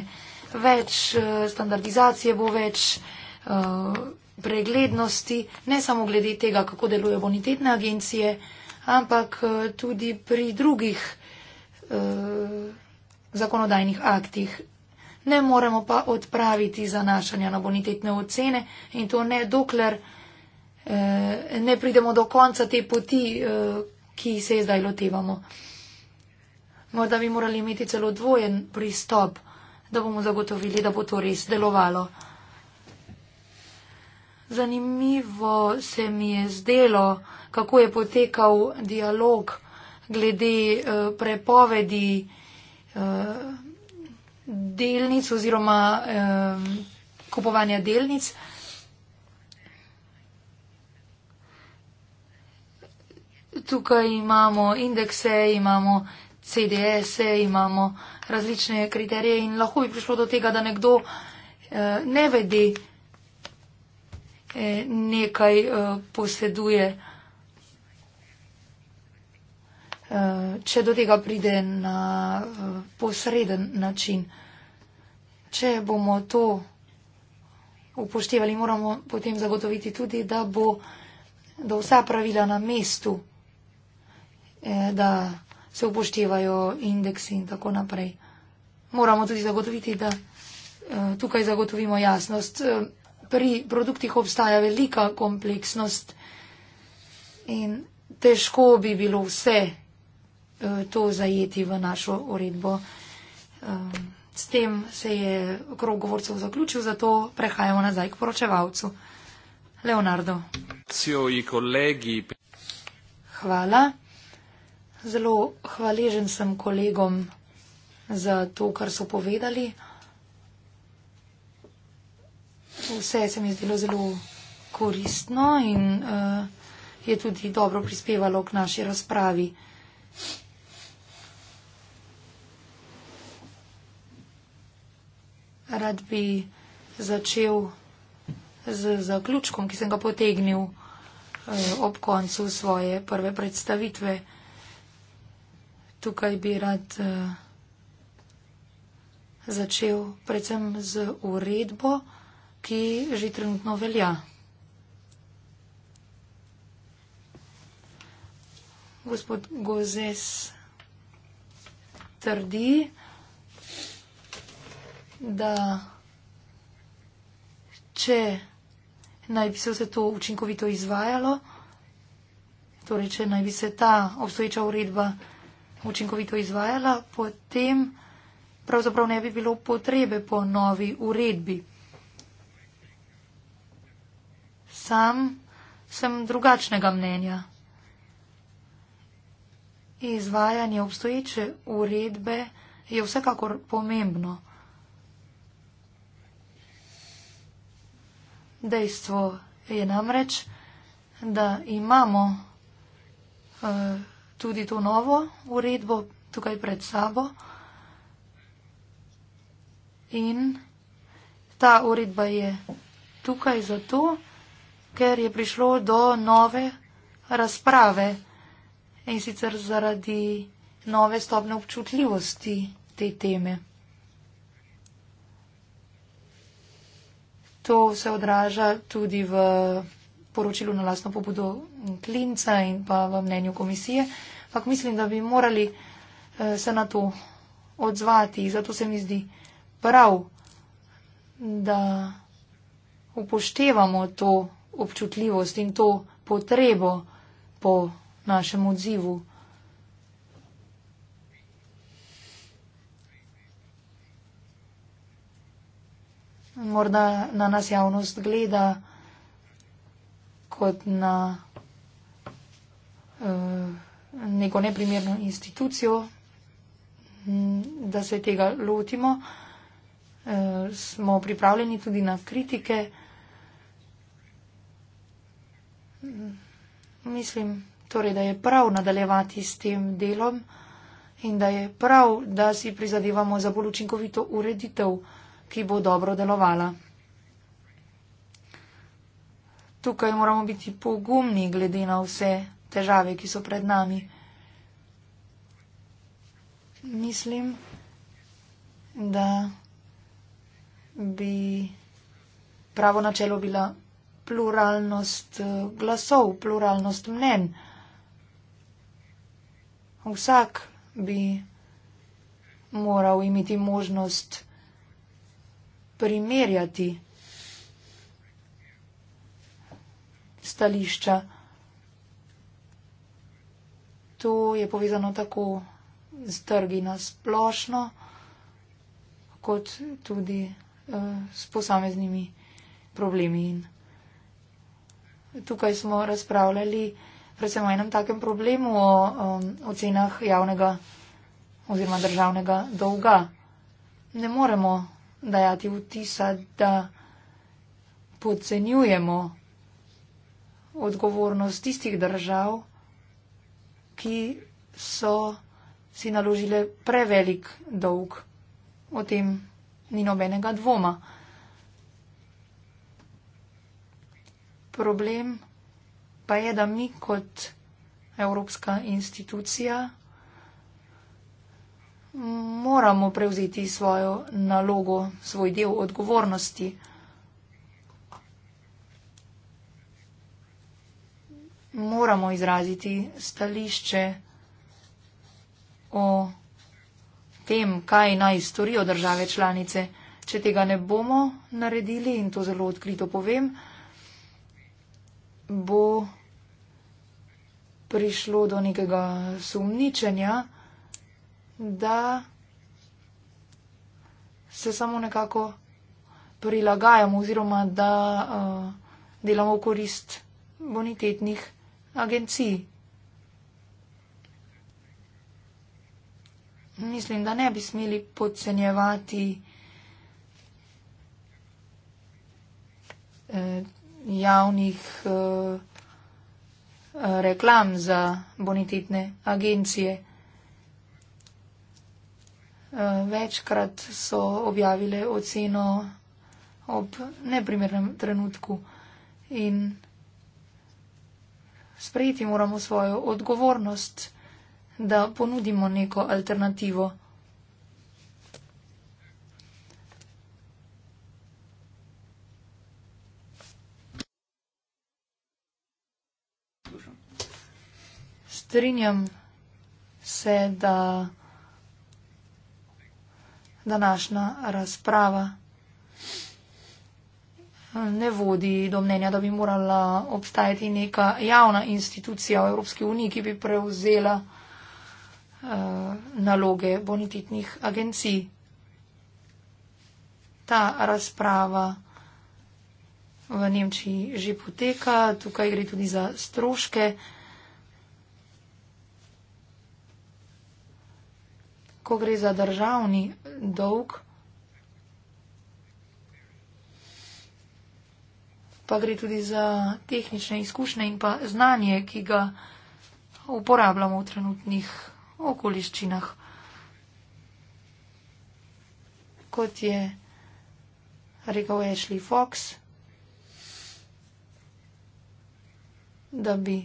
Več eh, standardizacije bo več eh, preglednosti, ne samo glede tega, kako delujejo bonitetne agencije, ampak tudi pri drugih zakonodajnih aktih ne moremo pa odpraviti zanašanja na bonitetne ocene in to ne dokler eh, ne pridemo do konca te poti, eh, ki se je zdaj lotevamo. Morda bi morali imeti celo dvojen pristop, da bomo zagotovili, da bo to res delovalo. Zanimivo se mi je zdelo, kako je potekal dialog glede eh, prepovedi. Eh, delnic oziroma eh, kupovanja delnic. Tukaj imamo indekse, imamo CDS-e, imamo različne kriterije in lahko bi prišlo do tega, da nekdo eh, ne vede, eh, nekaj eh, poseduje. Če do tega pride na posreden način če bomo to upoštevali, moramo potem zagotoviti tudi, da bo da vsa pravila na mestu, eh, da se upoštevajo indeksi in tako naprej. Moramo tudi zagotoviti, da eh, tukaj zagotovimo jasnost. Eh, pri produktih obstaja velika kompleksnost in težko bi bilo vse to zajeti v našo uredbo. Um, S tem se je krog govorcev zaključil, zato prehajamo nazaj k poročevalcu. Leonardo. Hvala. Zelo hvaležen sem kolegom za to, kar so povedali. Vse se mi je zdelo zelo koristno in uh, je tudi dobro prispevalo k naši razpravi. rad bi začel z zaključkom, ki sem ga potegnil eh, ob koncu svoje prve predstavitve. Tukaj bi rad eh, začel predvsem z uredbo, ki že trenutno velja. Gospod Gozes trdi, da če naj bi se vse to učinkovito izvajalo, torej če naj bi se ta obstoječa uredba učinkovito izvajala, potem pravzaprav ne bi bilo potrebe po novi uredbi. Sam sem drugačnega mnenja. Izvajanje obstoječe uredbe je vsekakor pomembno. Dejstvo je namreč, da imamo uh, tudi to novo uredbo tukaj pred sabo in ta uredba je tukaj zato, ker je prišlo do nove razprave in sicer zaradi nove stopne občutljivosti te teme. To se odraža tudi v poročilu na lastno pobudo klinca in pa v mnenju komisije. Ampak mislim, da bi morali eh, se na to odzvati. Zato se mi zdi prav, da upoštevamo to občutljivost in to potrebo po našem odzivu. morda na nas javnost gleda kot na eh, neko neprimerno institucijo, da se tega lotimo. Eh, smo pripravljeni tudi na kritike. Mislim torej, da je prav nadaljevati s tem delom in da je prav, da si prizadevamo za bolj učinkovito ureditev ki bo dobro delovala. Tukaj moramo biti pogumni glede na vse težave, ki so pred nami. Mislim, da bi pravo načelo bila pluralnost eh, glasov, pluralnost mnen. Vsak bi moral imeti možnost primerjati stališča. To je povezano tako z trgi na splošno, kot tudi uh, s posameznimi problemi. In tukaj smo razpravljali predvsem o enem takem problemu, o um, ocenah javnega oziroma državnega dolga. Ne moremo dajati vtisa, da podcenjujemo odgovornost tistih držav, ki so si naložile prevelik dolg. O tem ni nobenega dvoma. Problem pa je, da mi kot Evropska institucija moramo prevzeti svojo nalogo, svoj del odgovornosti. Moramo izraziti stališče o tem, kaj naj storijo države članice. Če tega ne bomo naredili, in to zelo odkrito povem, bo prišlo do nekega sumničenja da se samo nekako prilagajamo oziroma da uh, delamo v korist bonitetnih agencij. Mislim, da ne bi smeli podcenjevati eh, javnih eh, reklam za bonitetne agencije. Eh, večkrat so objavile oceno ob neprimernem trenutku in sprejeti moramo svojo odgovornost, da ponudimo neko alternativo. Strinjam se, da današnja razprava eh, ne vodi do mnenja, da bi morala obstajati neka javna institucija v Evropski uniji, ki bi prevzela eh, naloge bonititnih agencij. Ta razprava v Nemčiji že poteka, tukaj gre tudi za stroške. ko gre za državni dolg, pa gre tudi za tehnične izkušnje in pa znanje, ki ga uporabljamo v trenutnih okoliščinah, kot je rekel Ashley Fox, da bi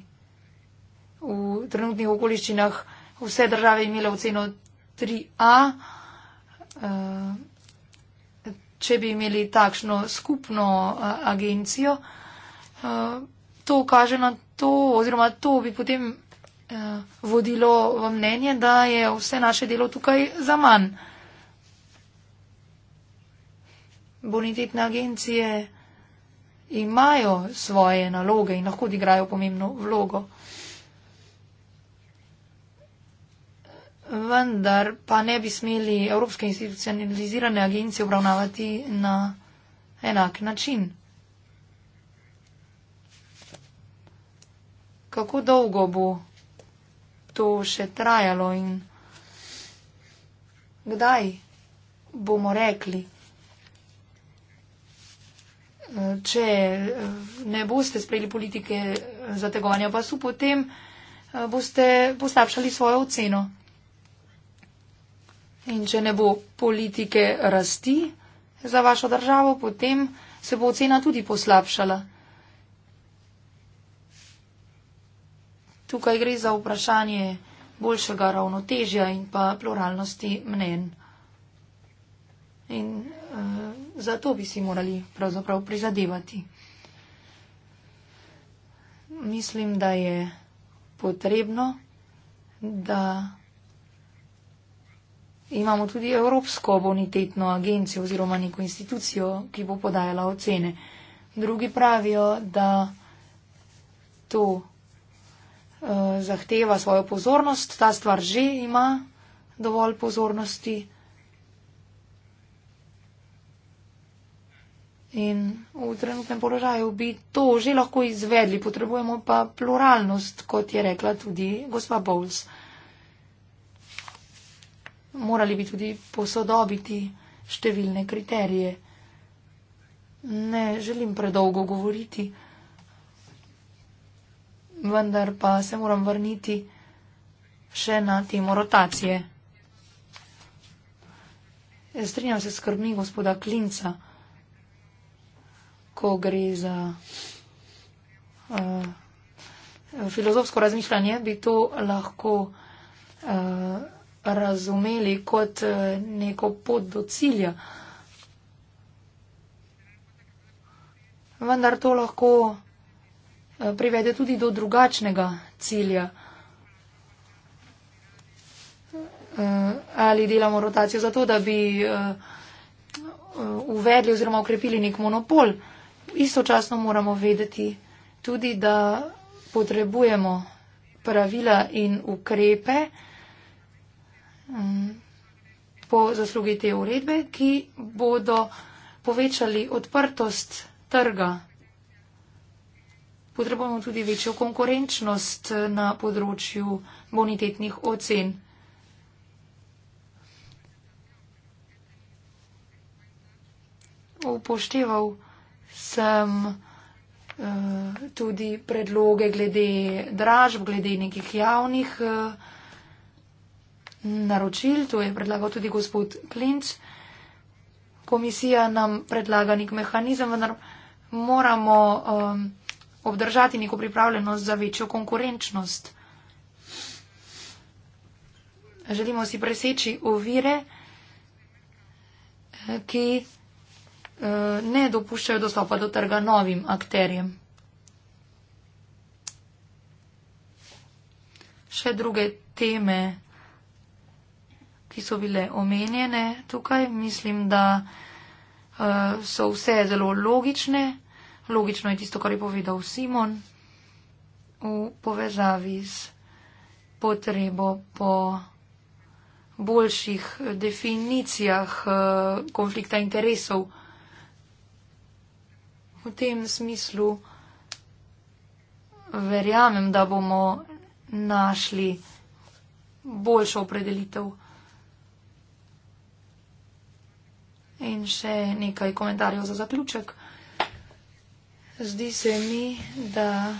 v trenutnih okoliščinah vse države imele oceno 3A. Eh, če bi imeli takšno skupno eh, agencijo, eh, to kaže na to, oziroma to bi potem vodilo v mnenje, da je vse naše delo tukaj za manj. Bonitetne agencije imajo svoje naloge in lahko odigrajo pomembno vlogo. vendar pa ne bi smeli Evropske institucionalizirane agencije obravnavati na enak način. Kako dolgo bo to še trajalo in kdaj bomo rekli, če ne boste sprejeli politike zategovanja pasu, potem eh, boste poslabšali svojo oceno. In če ne bo politike rasti za vašo državo, potem se bo ocena tudi poslabšala. Tukaj gre za vprašanje boljšega ravnotežja in pa pluralnosti mnen. In e, eh, zato bi si morali pravzaprav prizadevati. Mislim, da je potrebno, da imamo tudi Evropsko bonitetno agencijo oziroma neko institucijo, ki bo podajala ocene. Drugi pravijo, da to uh, zahteva svojo pozornost, ta stvar že ima dovolj pozornosti. In v trenutnem položaju bi to že lahko izvedli, potrebujemo pa pluralnost, kot je rekla tudi gospa Bowles morali bi tudi posodobiti številne kriterije. Ne želim predolgo govoriti, vendar pa se moram vrniti še na temo rotacije. Strinjam se s krmi gospoda Klinca, ko gre za uh, filozofsko razmišljanje, bi to lahko uh, razumeli kot eh, neko pot do cilja. Vendar to lahko eh, privede tudi do drugačnega cilja. Eh, ali delamo rotacijo zato, da bi uvedli oziroma ukrepili nek monopol. Istočasno moramo vedeti tudi, da potrebujemo pravila in ukrepe, Mm, po zaslugi te uredbe, ki bodo povečali odprtost trga. Potrebujemo tudi večjo konkurenčnost na področju bonitetnih ocen. Upošteval sem eh, tudi predloge glede dražb, glede nekih javnih eh, naročil, to je predlagal tudi gospod Klinč. Komisija nam predlaga nek mehanizem, vendar moramo um, obdržati neko pripravljenost za večjo konkurenčnost. Želimo si preseči ovire, eh, ki uh, ne dopuščajo dostopa do trga novim akterjem. Še druge teme ki so bile omenjene tukaj. Mislim, da uh, so vse zelo logične. Logično je tisto, kar je povedal Simon v povezavi s potrebo po boljših definicijah eh, konflikta interesov. V tem smislu verjamem, da bomo našli boljšo opredelitev. In še nekaj komentarjev za zaključek. Zdi se mi, da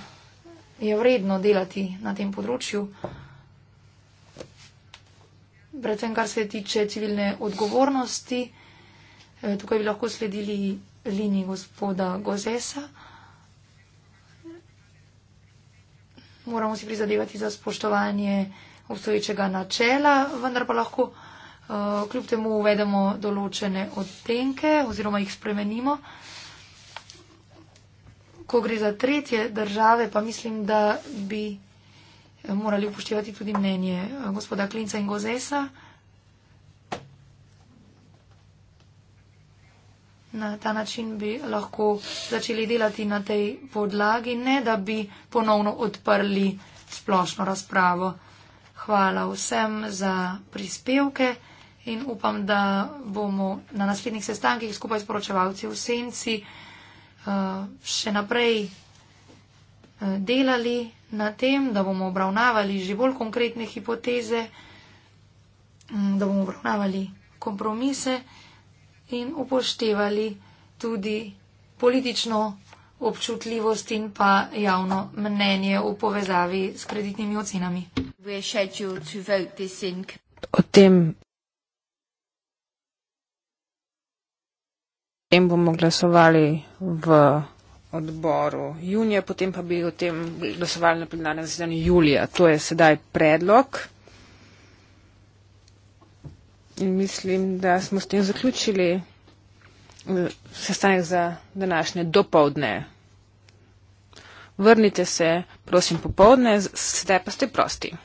je vredno delati na tem področju, predvsem kar se tiče civilne odgovornosti. Eh, tukaj bi lahko sledili liniji gospoda Gozesa. Moramo si prizadevati za spoštovanje obstoječega načela, vendar pa lahko uh, kljub temu uvedemo določene odtenke oziroma jih spremenimo. Ko gre za tretje države, pa mislim, da bi morali upoštevati tudi mnenje eh, gospoda Klinca in Gozesa. Na ta način bi lahko začeli delati na tej podlagi, ne da bi ponovno odprli splošno razpravo. Hvala vsem za prispevke in upam, da bomo na naslednjih sestankih skupaj s poročevalci v Senci eh, še naprej eh, delali na tem, da bomo obravnavali že bolj konkretne hipoteze, mm, da bomo obravnavali kompromise in upoštevali tudi politično občutljivost in pa javno mnenje v povezavi s kreditnimi ocenami. O tem tem bomo glasovali v odboru junija, potem pa bi o tem glasovali na plenarnem zasedanju julija. To je sedaj predlog. In mislim, da smo s tem zaključili eh, sestanek za današnje dopovdne. Vrnite se, prosim, popovdne, sedaj pa ste prosti.